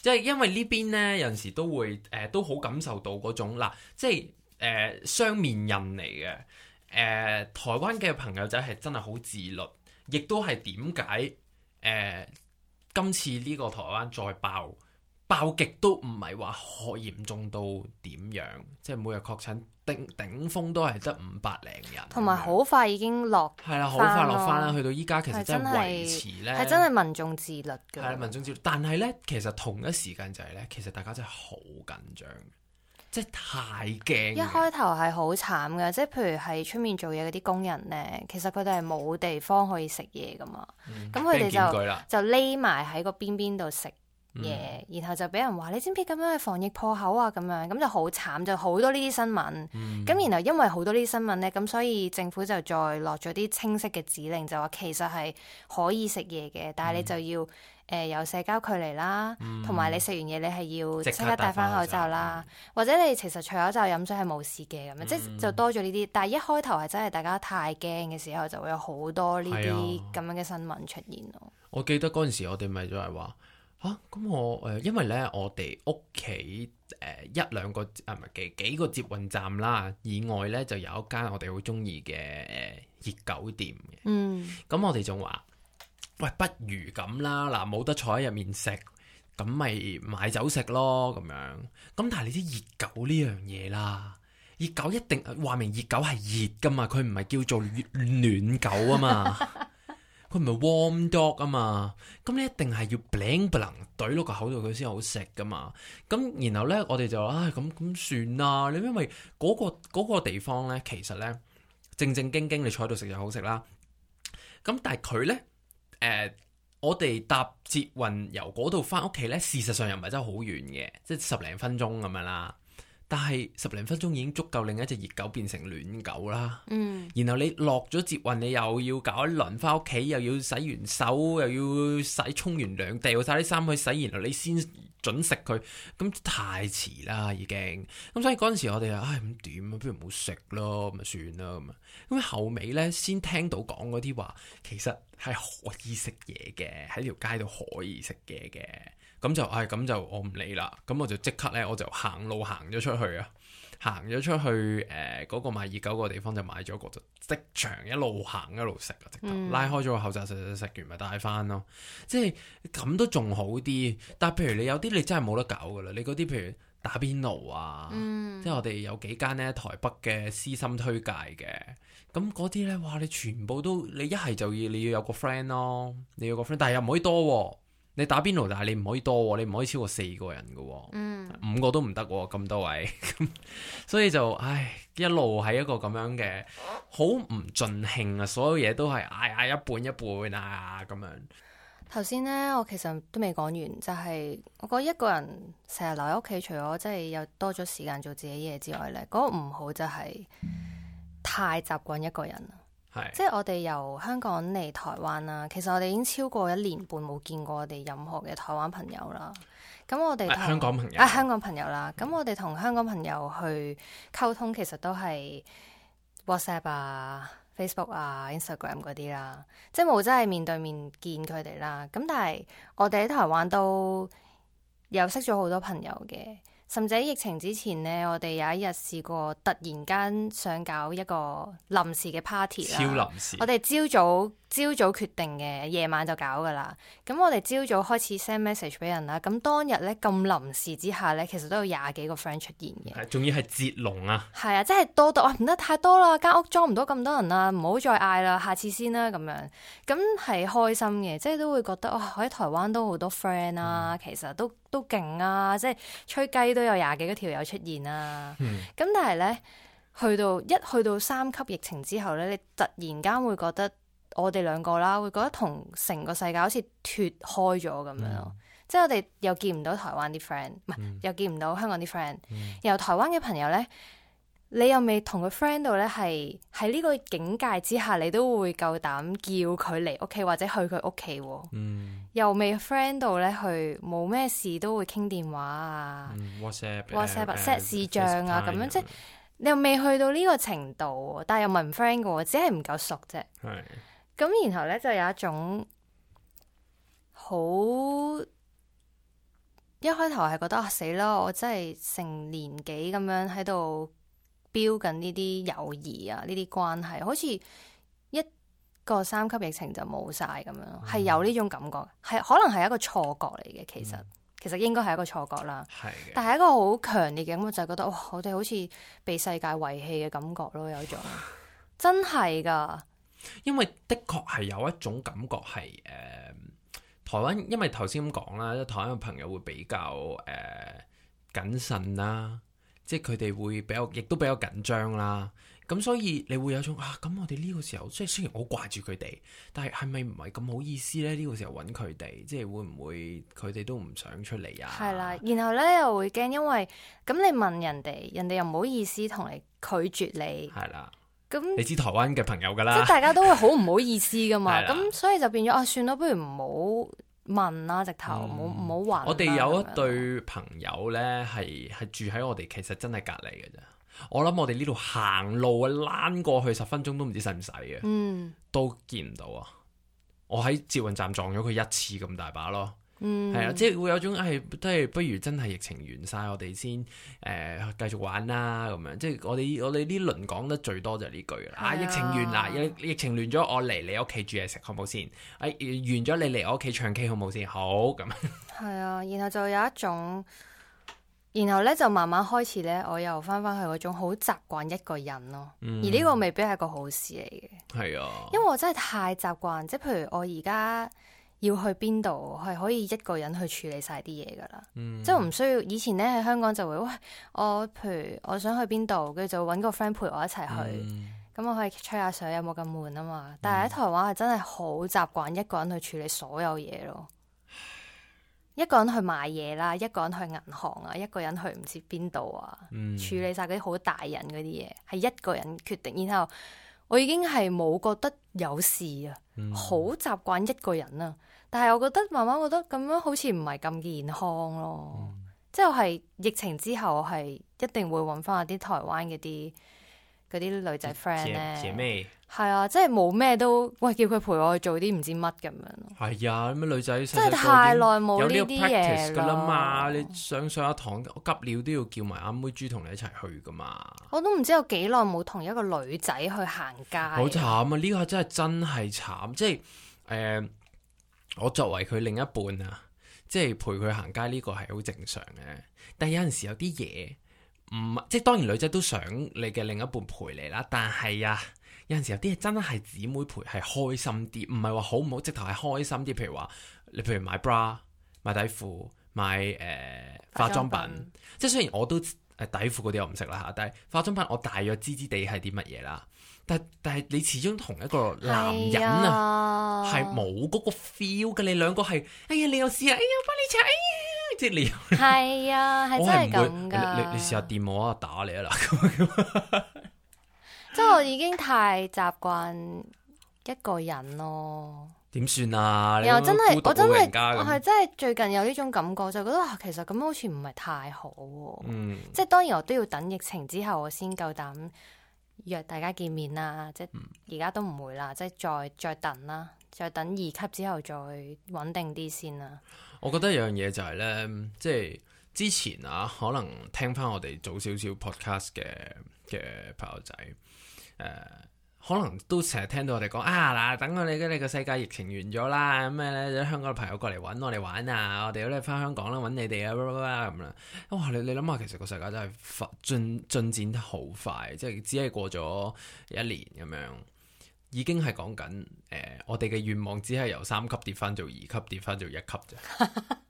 [SPEAKER 1] 即係、就係、因為邊呢邊咧有陣時都會誒、呃，都好感受到嗰種嗱，即係誒、呃、雙面人嚟嘅誒。台灣嘅朋友仔係真係好自律，亦都係點解誒今次呢個台灣再爆爆極都唔係話可嚴重到點樣，即係每日確診。頂峰都係得五百零人，
[SPEAKER 2] 同埋好快已經落係啦，好快落翻啦，去、啊、到依家其實真係維持咧，係真係民眾自律嘅，係
[SPEAKER 1] 民眾自律。但係咧，其實同一時間就係、是、咧，其實大家真係好緊張，即係太驚。一開
[SPEAKER 2] 頭係好慘嘅，即係譬如喺出面做嘢嗰啲工人咧，其實佢哋係冇地方可以食嘢噶嘛，咁佢哋就就匿埋喺個邊邊度食。嘢，嗯、然後就俾人話，你知唔知咁樣嘅防疫破口啊咁樣，咁就好慘，就好多呢啲新聞。咁、嗯、然後因為好多呢啲新聞咧，咁所以政府就再落咗啲清晰嘅指令，就話其實係可以食嘢嘅，但係你就要誒、呃、有社交距離啦，同埋、嗯、你食完嘢你係要即刻戴翻口罩啦，罩啦嗯、或者你其實除口罩飲水係冇事嘅咁樣，嗯、即就多咗呢啲。但係一開頭係真係大家太驚嘅時候，就會有好多呢啲咁樣嘅新聞出現咯。
[SPEAKER 1] 我記得嗰陣時，我哋咪就係話，嗯嗯嗯嗯嗯嚇！咁、啊、我誒，因為咧，我哋屋企誒一兩個啊，唔係幾幾個接運站啦，以外咧就有一間我哋好中意嘅誒熱狗店
[SPEAKER 2] 嘅。嗯。
[SPEAKER 1] 咁、嗯、我哋仲話：喂，不如咁啦，嗱，冇得坐喺入面食，咁咪買酒食咯，咁樣。咁但係你知熱狗呢樣嘢啦，熱狗一定話明熱狗係熱㗎嘛，佢唔係叫做暖狗啊嘛。 佢唔係 warm dog 啊嘛，咁你一定係要 bling 不能，懟落個口度佢先好食噶嘛。咁然後咧，我哋就唉咁咁算啦。你因為嗰、那個嗰、那個地方咧，其實咧正正經經你坐喺度食就好食啦。咁但係佢咧，誒、呃、我哋搭捷運由嗰度翻屋企咧，事實上又唔係真係好遠嘅，即係十零分鐘咁樣啦。但係十零分鐘已經足夠令一隻熱狗變成暖狗啦。嗯，然後你落咗捷運，你又要搞一輪返屋企，又要洗完手，又要洗沖完涼，掉晒啲衫去洗，然後你先準食佢，咁太遲啦已經。咁、嗯、所以嗰陣時我哋啊，唉咁點啊，不如唔好食咯，咪算啦咁啊。咁後尾咧先聽到講嗰啲話，其實係可以食嘢嘅，喺條街度可以食嘢嘅。咁就唉，咁、哎、就我唔理啦，咁我就即刻咧我就行路行咗出去啊，行咗出去誒嗰、呃那個買熱狗個地方就買咗個就即場一路行一路食啊，直頭拉開咗個口罩食食食完咪戴翻咯，即係咁都仲好啲。但係譬如你有啲你真係冇得搞噶啦，你嗰啲譬如打邊爐啊，嗯、即係我哋有幾間咧台北嘅私心推介嘅，咁嗰啲咧哇你全部都你一係就要你要有個 friend 咯，你要個 friend，但係又唔可以多、啊。你打邊爐，但係你唔可以多，你唔可以超過四個人嘅、喎，嗯、五個都唔得、喎，咁多位， 所以就唉一路係一個咁樣嘅好唔盡興啊！所有嘢都係嗌嗌一半一半啊咁樣。
[SPEAKER 2] 頭先呢，我其實都未講完，就係、係、我覺得一個人成日留喺屋企，除咗即係有多咗時間做自己嘢之外呢嗰、嗰個唔好就係、係嗯、太習慣一個人。是即係我哋由香港嚟台灣啦，其實我哋已經超過一年半冇見過我哋任何嘅台灣朋友啦。咁我哋香港朋友啊，香港朋友啦。咁、哎嗯、我哋同香港朋友去溝通，其實都係 WhatsApp 啊、Facebook 啊、Instagram 嗰啲啦，即係冇真係面對面見佢哋啦。咁但係我哋喺台灣都有識咗好多朋友嘅。甚至喺疫情之前呢，我哋有一日試過突然間想搞一個臨時嘅 party 啦。超臨時，我哋朝早。朝早決定嘅，夜晚就搞噶啦。咁我哋朝早開始 send message 俾人啦。咁當日咧咁臨時之下咧，其實都有廿幾個 friend 出現嘅。
[SPEAKER 1] 仲要係接龍啊！
[SPEAKER 2] 係啊，即係多到哇，唔得太多啦，間屋裝唔到咁多人啦，唔好再嗌啦，下次先啦、啊、咁樣。咁係開心嘅，即係都會覺得哇，喺、哦、台灣都好多 friend 啊，嗯、其實都都勁啊，即係吹雞都有廿幾個條友出現啊。咁、嗯、但係咧，去到一去到三級疫情之後咧，你突然間會覺得。我哋兩個啦，會覺得同成個世界好似脫開咗咁樣，即係我哋又見唔到台灣啲 friend，唔係又見唔到香港啲 friend。由台灣嘅朋友咧，你又未同佢 friend 到咧，係喺呢個警戒之下，你都會夠膽叫佢嚟屋企或者去佢屋企喎。又未 friend 到咧，去冇咩事都會傾電話啊，WhatsApp、WhatsApp 視像啊，咁樣即係你又未去到呢個程度，但係又唔係唔 friend 嘅喎，只係唔夠熟啫。係。咁然後咧就有一種好一開頭係覺得死啦、啊！我真係成年幾咁樣喺度標緊呢啲友誼啊，呢啲關係，好似一個三級疫情就冇晒咁樣，係有呢種感覺，係可能係一個錯覺嚟嘅。其實、嗯、其實應該係一個錯覺啦，的但係一個好強烈嘅咁就係、是、覺得哇、哦，我哋好似被世界遺棄嘅感覺咯，有種真係噶。因
[SPEAKER 1] 為的確係有一種感覺係，誒、呃，台灣，因為頭先咁講啦，台灣嘅朋友會比較誒謹慎啦，即係佢哋會比較，亦都比較緊張啦。咁所以你會有種啊，咁我哋呢個時候，即係雖然我掛住佢哋，但係係咪唔係咁好意思咧？呢個時候搵佢哋，即係會唔會佢哋都唔想出嚟啊？係
[SPEAKER 2] 啦，然後咧又會驚，因為咁你問人哋，人哋又唔好意思同你拒絕你。係啦。咁、嗯、你
[SPEAKER 1] 知台灣嘅朋友噶啦，即係大家
[SPEAKER 2] 都會好唔好意思噶嘛，咁 的所以就變咗啊，算啦，不如唔好問啦，嗯、直頭唔好唔好問。話我哋有一
[SPEAKER 1] 對朋友咧，係係住喺我哋，其實真係隔離嘅啫。我諗我哋呢度行路攬過去十分鐘都唔知使唔使嘅，嗯，都見唔到啊。我喺捷運站撞咗佢一次咁大把咯。嗯，係啊，即係會有種係，都、哎、係不如真係疫情完晒，我哋先誒繼、呃、續玩啦咁樣。即係我哋我哋呢輪講得最多就係呢句啦。啊，啊，疫情完啦，疫情亂咗，我嚟你屋企煮嘢食，好唔好先？誒、哎，完咗你嚟我屋企唱 K，ai, 好唔好先？好咁。
[SPEAKER 2] 係啊，然後就有一種，然後咧就慢慢開始咧，我又翻翻去嗰種好習慣一個人咯。嗯、而呢個未必係個好事嚟嘅。係啊。因為我真係太習慣，即係譬如我而家。要去邊度係可以一個人去處理晒啲嘢噶啦，即係唔需要以前咧喺香港就會喂，我譬如我想去邊度，跟住就搵個 friend 陪我一齊去，咁、嗯、我可以吹下水，有冇咁悶啊嘛？但係喺台灣係、嗯、真係好習慣一個人去處理所有嘢咯，一個人去買嘢啦，一個人去銀行啊，一個人去唔知邊度啊，嗯、處理晒嗰啲好大人嗰啲嘢，係一個人決定，然後我已經係冇覺得有事啊，好習慣一個人啊。但係我覺得慢慢覺得咁樣好似唔係咁健康咯，嗯、即係疫情之後係一定會揾翻啲台灣啲嗰啲女仔 friend 咧，係啊，即係冇咩都喂叫佢陪我去做啲唔知乜咁樣。
[SPEAKER 1] 係啊、哎，咁啊女仔真係太耐冇呢啲嘢噶啦嘛！你上上一堂我急尿都要叫埋阿妹豬同你一齊去噶嘛？
[SPEAKER 2] 我都唔知有幾耐冇同一個女仔去行街。好慘
[SPEAKER 1] 啊！呢、這個真係真係慘，即係誒。呃我作為佢另一半啊，即係陪佢行街呢個係好正常嘅。但係有陣時有啲嘢唔即係當然女仔都想你嘅另一半陪你啦。但係啊，有陣時有啲嘢真係姊妹陪係開心啲，唔係話好唔好，直頭係開心啲。譬如話你，譬如買 bra、買底褲、買誒、呃、化妝品。化妝品即係雖然我都誒、呃、底褲嗰啲我唔識啦嚇，但係化妝品我大約知知地係啲乜嘢啦。但但係你始終同一個男人啊，係冇嗰個 feel 嘅。你兩個係，
[SPEAKER 2] 哎呀你又試下，哎呀我幫你擦，哎呀即係你係啊，係、啊、真係咁噶。你你試
[SPEAKER 1] 下掂我啊，打你啊，啦 ，
[SPEAKER 2] 即係我已經太習慣一個人咯。
[SPEAKER 1] 點算啊？你又真係我真係，我係
[SPEAKER 2] 真係最近有呢種感覺，就覺得其實咁好似唔係太好。嗯，即係當然我都要等疫情之後我先夠膽。約大家見面啦，即係而家都唔會啦，即係再再等啦，再等二級之後再穩定啲先啦。
[SPEAKER 1] 我覺得一樣嘢就係呢，即係之前啊，可能聽翻我哋早少少 podcast 嘅嘅朋友仔、呃可能都成日聽到我哋講啊，嗱，等我哋嘅世界疫情完咗啦，咁咧啲香港嘅朋友過嚟揾我哋玩啊，我哋嚟翻香港啦，揾你哋啊咁啦，哇！你你諗下，其實個世界真係發進進展得好快，即係只係過咗一年咁樣，已經係講緊誒，我哋嘅願望只係由三級跌翻做二級，跌翻做一級啫。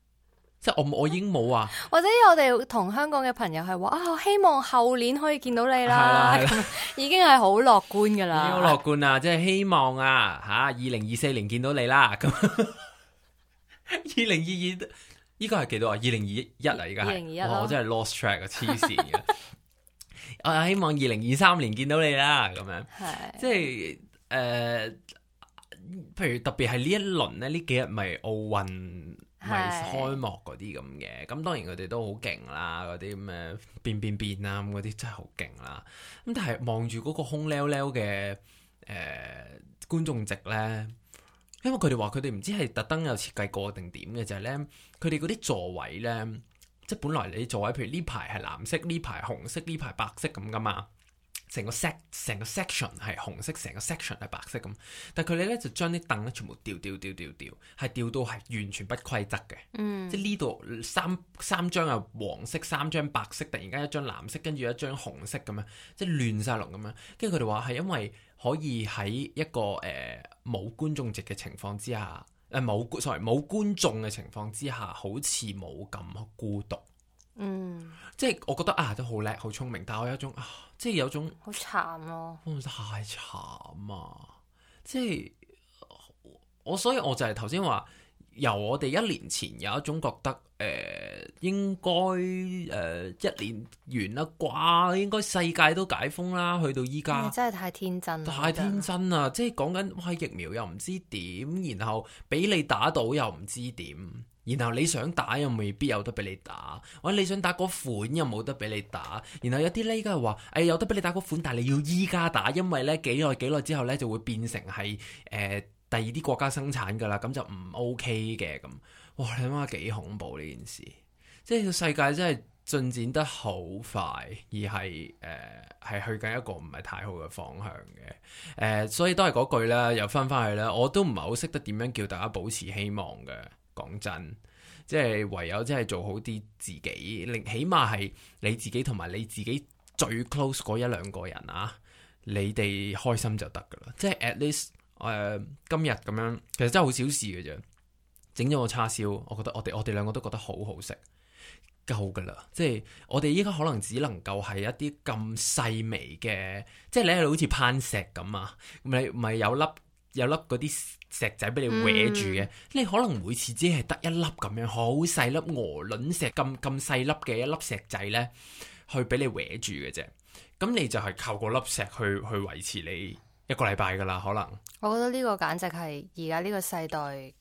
[SPEAKER 1] 即係我我已經冇啊，
[SPEAKER 2] 或者我哋同香港嘅朋友係話啊，我希望後年可以見到你啦， 已經係好樂觀噶啦，已經好樂
[SPEAKER 1] 觀啊，即係希望啊吓，二零二四年見到你啦，咁二零二二依個係幾多啊？二零二一啊，依家二零二一，我真係 lost track 啊，黐
[SPEAKER 2] 線
[SPEAKER 1] 嘅，我希望二零二三年見到你啦，咁樣係，的即係誒、呃，譬如特別係呢一輪咧，呢幾日咪奧運。咪開幕嗰啲咁嘅，咁當然佢哋都好勁啦，嗰啲咩變變變啊，嗰啲真係好勁啦。咁但係望住嗰個空溜溜嘅誒觀眾席咧，因為佢哋話佢哋唔知係特登有設計過定點嘅就係咧，佢哋嗰啲座位咧，即係本來你座位譬如呢排係藍色，呢排紅色，呢排白色咁噶嘛。成個 sect i o n 係紅色，成個 section 係白色咁。但係佢哋呢就將啲凳呢全部掉掉掉調掉，係調到係完全不規則嘅，嗯、即係呢度三三張係黃色，三張白色，突然間一張藍色，跟住一張紅色咁樣，即係亂晒龍咁樣。跟住佢哋話係因為可以喺一個誒冇、呃、觀眾席嘅情況之下，誒冇所 s 冇觀眾嘅情況之下，好似冇咁孤獨，嗯、即係我覺得啊都好叻好聰明，但係我有一種啊。即係有種
[SPEAKER 2] 好慘咯，
[SPEAKER 1] 太慘啊！即係我，所以我就係頭先話由我哋一年前有一種覺得誒、呃、應該誒、呃、一年完啦，啩，應該世界都解封啦。去到依家
[SPEAKER 2] 真係太天真，太
[SPEAKER 1] 天真啦！真的即係講緊係疫苗又唔知點，然後俾你打到又唔知點。然後你想打又未必有得俾你打，或、哎、者你想打嗰款又冇得俾你打。然後有啲呢依家話誒有得俾你打嗰款，但係你要依家打，因為呢幾耐幾耐之後呢就會變成係誒、呃、第二啲國家生產㗎啦，咁就唔 O K 嘅咁。哇，你諗下幾恐怖呢件事，即係個世界真係進展得好快，而係誒係去緊一個唔係太好嘅方向嘅誒、呃，所以都係嗰句啦，又翻翻去啦，我都唔係好識得點樣叫大家保持希望嘅。講真，即係唯有即係做好啲自己，令起碼係你自己同埋你自己最 close 嗰一兩個人啊，你哋開心就得噶啦。即係 at least，誒、呃，今日咁樣，其實真係好小事嘅啫。整咗個叉燒，我覺得我哋我哋兩個都覺得好好食，夠噶啦。即係我哋依家可能只能夠係一啲咁細微嘅，即係你喺度好似攀石咁啊，你唔係有粒。有粒嗰啲石仔俾你搲住嘅，嗯、你可能每次只係得一粒咁樣，好細粒鵝卵石咁咁細粒嘅一粒石仔咧，去俾你搲住嘅啫。咁你就係靠個粒石去去維持你一個禮拜噶啦，可能。
[SPEAKER 2] 我覺得呢個簡直係而家呢個世代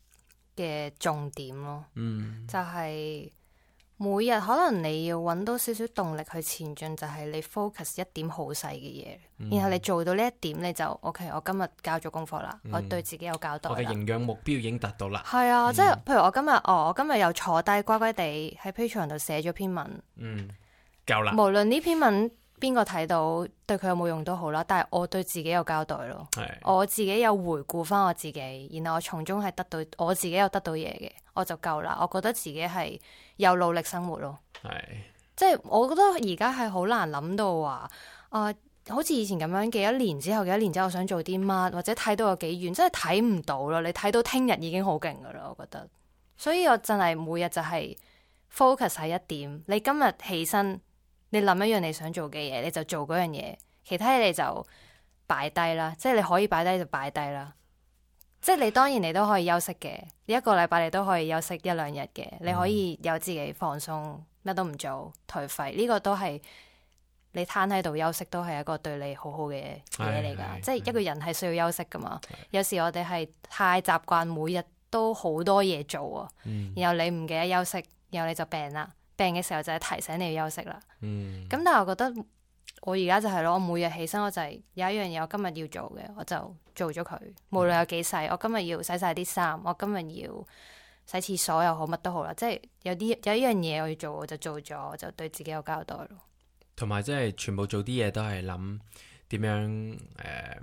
[SPEAKER 2] 嘅重點咯。嗯，就係、是。每日可能你要揾到少少動力去前進，就係、是、你 focus 一點好細嘅嘢，嗯、然後你做到呢一點，你就 O、OK, K，我今日交咗功課啦，嗯、我對自己有交代。我嘅營
[SPEAKER 1] 養目標已經達到啦。
[SPEAKER 2] 係啊，嗯、即係譬如我今日，哦，我今日又坐低乖乖地喺 Patreon 度寫咗篇文。嗯，
[SPEAKER 1] 夠啦。無
[SPEAKER 2] 論呢篇文邊個睇到，對佢有冇用都好啦，但係我對自己有交代咯。的我自己有回顧翻我自己，然後我從中係得到，我自己有得到嘢嘅。我就夠啦，我覺得自己係有努力生活咯，係的，即係我覺得而家係好難諗到話，啊、呃，好似以前咁樣，幾一年之後，幾一年之後我想做啲乜，或者睇到有幾遠，真係睇唔到咯。你睇到聽日已經好勁噶啦，我覺得。所以我真係每日就係 focus 喺一點，你今日起身，你諗一樣你想做嘅嘢，你就做嗰樣嘢，其他嘢你就擺低啦，即係你可以擺低就擺低啦。即係你當然你都可以休息嘅，你一個禮拜你都可以休息一兩日嘅，你可以有自己放鬆，乜都唔做，頹廢呢、這個都係你攤喺度休息都係一個對你好好嘅嘢嚟噶。的即係一個人係需要休息噶嘛，的有時我哋係太習慣每日都好多嘢做啊，的然後你唔記得休息，然後你就病啦。病嘅時候就係提醒你要休息啦。咁的、嗯、但係我覺得。我而家就係咯，我每日起身我就係有一樣嘢我今日要做嘅，我就做咗佢。無論有幾細，我今日要洗晒啲衫，我今日要洗廁所又好，乜都好啦。即係有啲有一樣嘢我要做，我就做咗，我就對自己有交代咯。
[SPEAKER 1] 同埋即係全部做啲嘢都係諗點樣誒。呃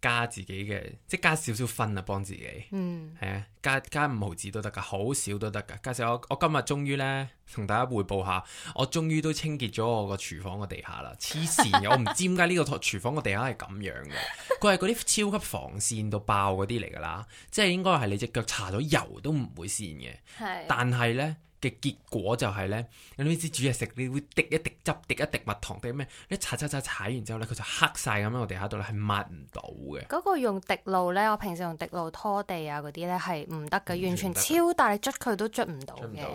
[SPEAKER 1] 加自己嘅，即係加少少分啊，幫自己，係、嗯、啊，加加五毫子都得噶，好少都得噶。加上我，我今日終於咧同大家匯報下，我終於都清潔咗我，廚 我個廚房個地下啦。黐線嘅，我唔知點解呢個托廚房個地下係咁樣嘅，佢係嗰啲超級防線到爆嗰啲嚟噶啦，即係應該係你隻腳搽咗油都唔會線嘅。係是，但係咧。嘅結果就係、是、咧，你每次煮嘢食，你會滴一滴汁，滴一滴蜜糖，滴咩？你踩踩踩踩完之後咧，佢就黑晒。咁喺我哋下度咧，係抹唔到嘅。
[SPEAKER 2] 嗰個用滴露咧，我平時用滴露拖地啊嗰啲咧係唔得嘅，行完全超大捽佢、嗯、都捽唔到嘅。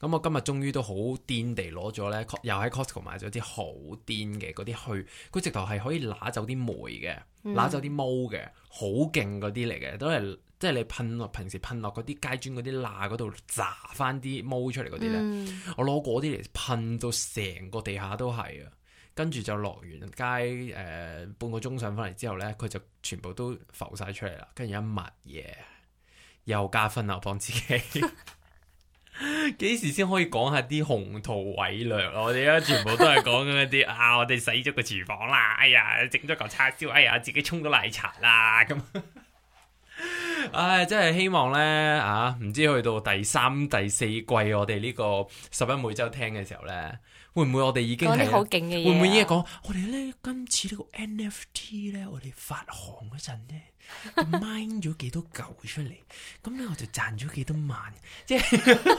[SPEAKER 1] 咁我今日終於都好癲地攞咗咧，又喺 Costco 買咗支好癲嘅嗰啲去，佢直頭係可以揦走啲霉嘅，揦、嗯、走啲毛嘅，好勁嗰啲嚟嘅，都係。即係你噴落平時噴落嗰啲街磚嗰啲罅嗰度，炸翻啲毛出嚟嗰啲咧，我攞嗰啲嚟噴到成個地下都係啊！跟住就落完街誒半個鐘上翻嚟之後咧，佢就全部都浮晒出嚟啦。跟住一抹嘢又加分啊！放自己幾時先可以講下啲宏圖偉略？我哋而家全部都係講緊一啲啊！我哋洗咗個廚房啦，哎呀整咗嚿叉燒，哎呀自己沖咗奶茶啦咁。唉、哎，真係希望咧啊！唔知去到第三、第四季，我哋呢個拾壹每周聽嘅時候咧，會唔會我哋已經講啲好勁嘅嘢？會唔會已經講？我哋咧今次呢 個 NFT 咧，我哋發行嗰陣咧，mine 咗幾多舊出嚟，咁咧我就賺咗幾多萬。即係，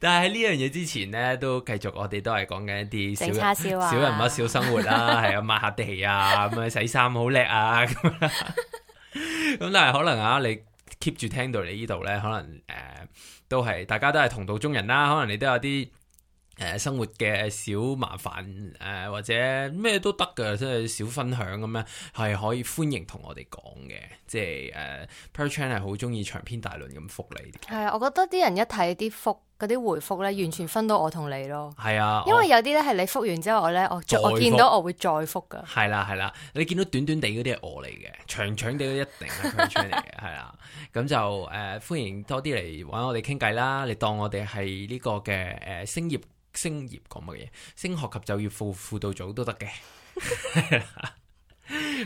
[SPEAKER 1] 但係喺呢樣嘢之前咧，都繼續我哋都係講緊一啲小人、叉燒啊、小人物、小生活啦，係啊，抹 下地啊，咁洗衫好叻啊，咁 咁 但係可能啊，你 keep 住聽到你呢度咧，可能誒都係大家都係同道中人啦。可能你都有啲誒生活嘅小麻煩誒、啊，或者咩都得嘅，即係小分享咁樣係可以歡迎同我哋講嘅。即係誒，Per Chan 係好中意長篇大論咁覆你。
[SPEAKER 2] 係啊，我覺得啲人一睇啲覆。嗰啲回覆咧，完全分到我同你咯。
[SPEAKER 1] 係啊，因為
[SPEAKER 2] 有啲咧係你覆完之後咧，我覆我見到我會再覆㗎。
[SPEAKER 1] 係啦係啦，你見到短短地嗰啲係我嚟嘅，長長地都一定係佢長嚟嘅。係啦、 啊，咁就誒、呃、歡迎多啲嚟揾我哋傾偈啦。你當我哋係呢個嘅誒、呃、升業升業講乜嘢，升學及就業輔輔導組都得嘅。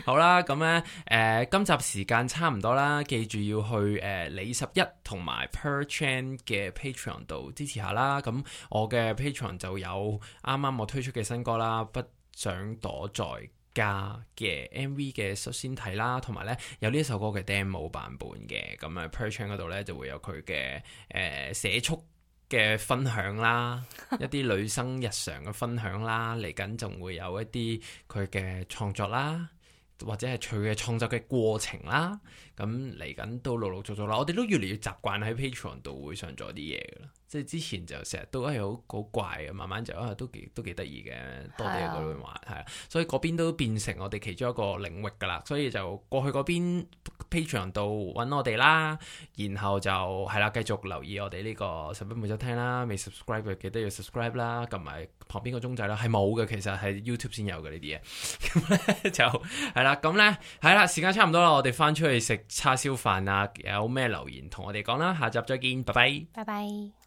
[SPEAKER 1] 好啦，咁咧，誒，今集時間差唔多啦，記住要去誒、呃、李拾壹同埋 Per Chan 嘅 Patreon 度支持下啦。咁、嗯、我嘅 Patreon 就有啱啱我推出嘅新歌啦，《 不想躲在家》嘅 MV 嘅率先睇啦，同埋咧有呢一首歌嘅 demo 版本嘅。咁啊，Per Chan 嗰度咧就會有佢嘅誒寫速嘅分享啦， 一啲女生日常嘅分享啦，嚟緊仲會有一啲佢嘅創作啦。或者係佢嘅創作嘅過程啦，咁嚟緊都陸陸續續啦，我哋都越嚟越習慣喺 Patreon 度會上做啲嘢㗎啦，即係之前就成日都係好好怪嘅，慢慢就啊都幾都幾得意嘅，多啲喺嗰邊玩係啊，所以嗰邊都變成我哋其中一個領域㗎啦，所以就過去嗰邊。Patreon 度揾我哋啦，然後就係啦，繼續留意我哋呢個拾壹每週聽啦，未 subscribe 嘅記得要 subscribe 啦，同埋旁邊個鐘仔啦，係冇嘅，其實係 YouTube 先有嘅呢啲嘢。咁 呢，就係啦，咁呢，係啦，時間差唔多啦，我哋翻出去食叉燒飯啊，有咩留言同我哋講啦，下集再見，拜拜，
[SPEAKER 2] 拜拜。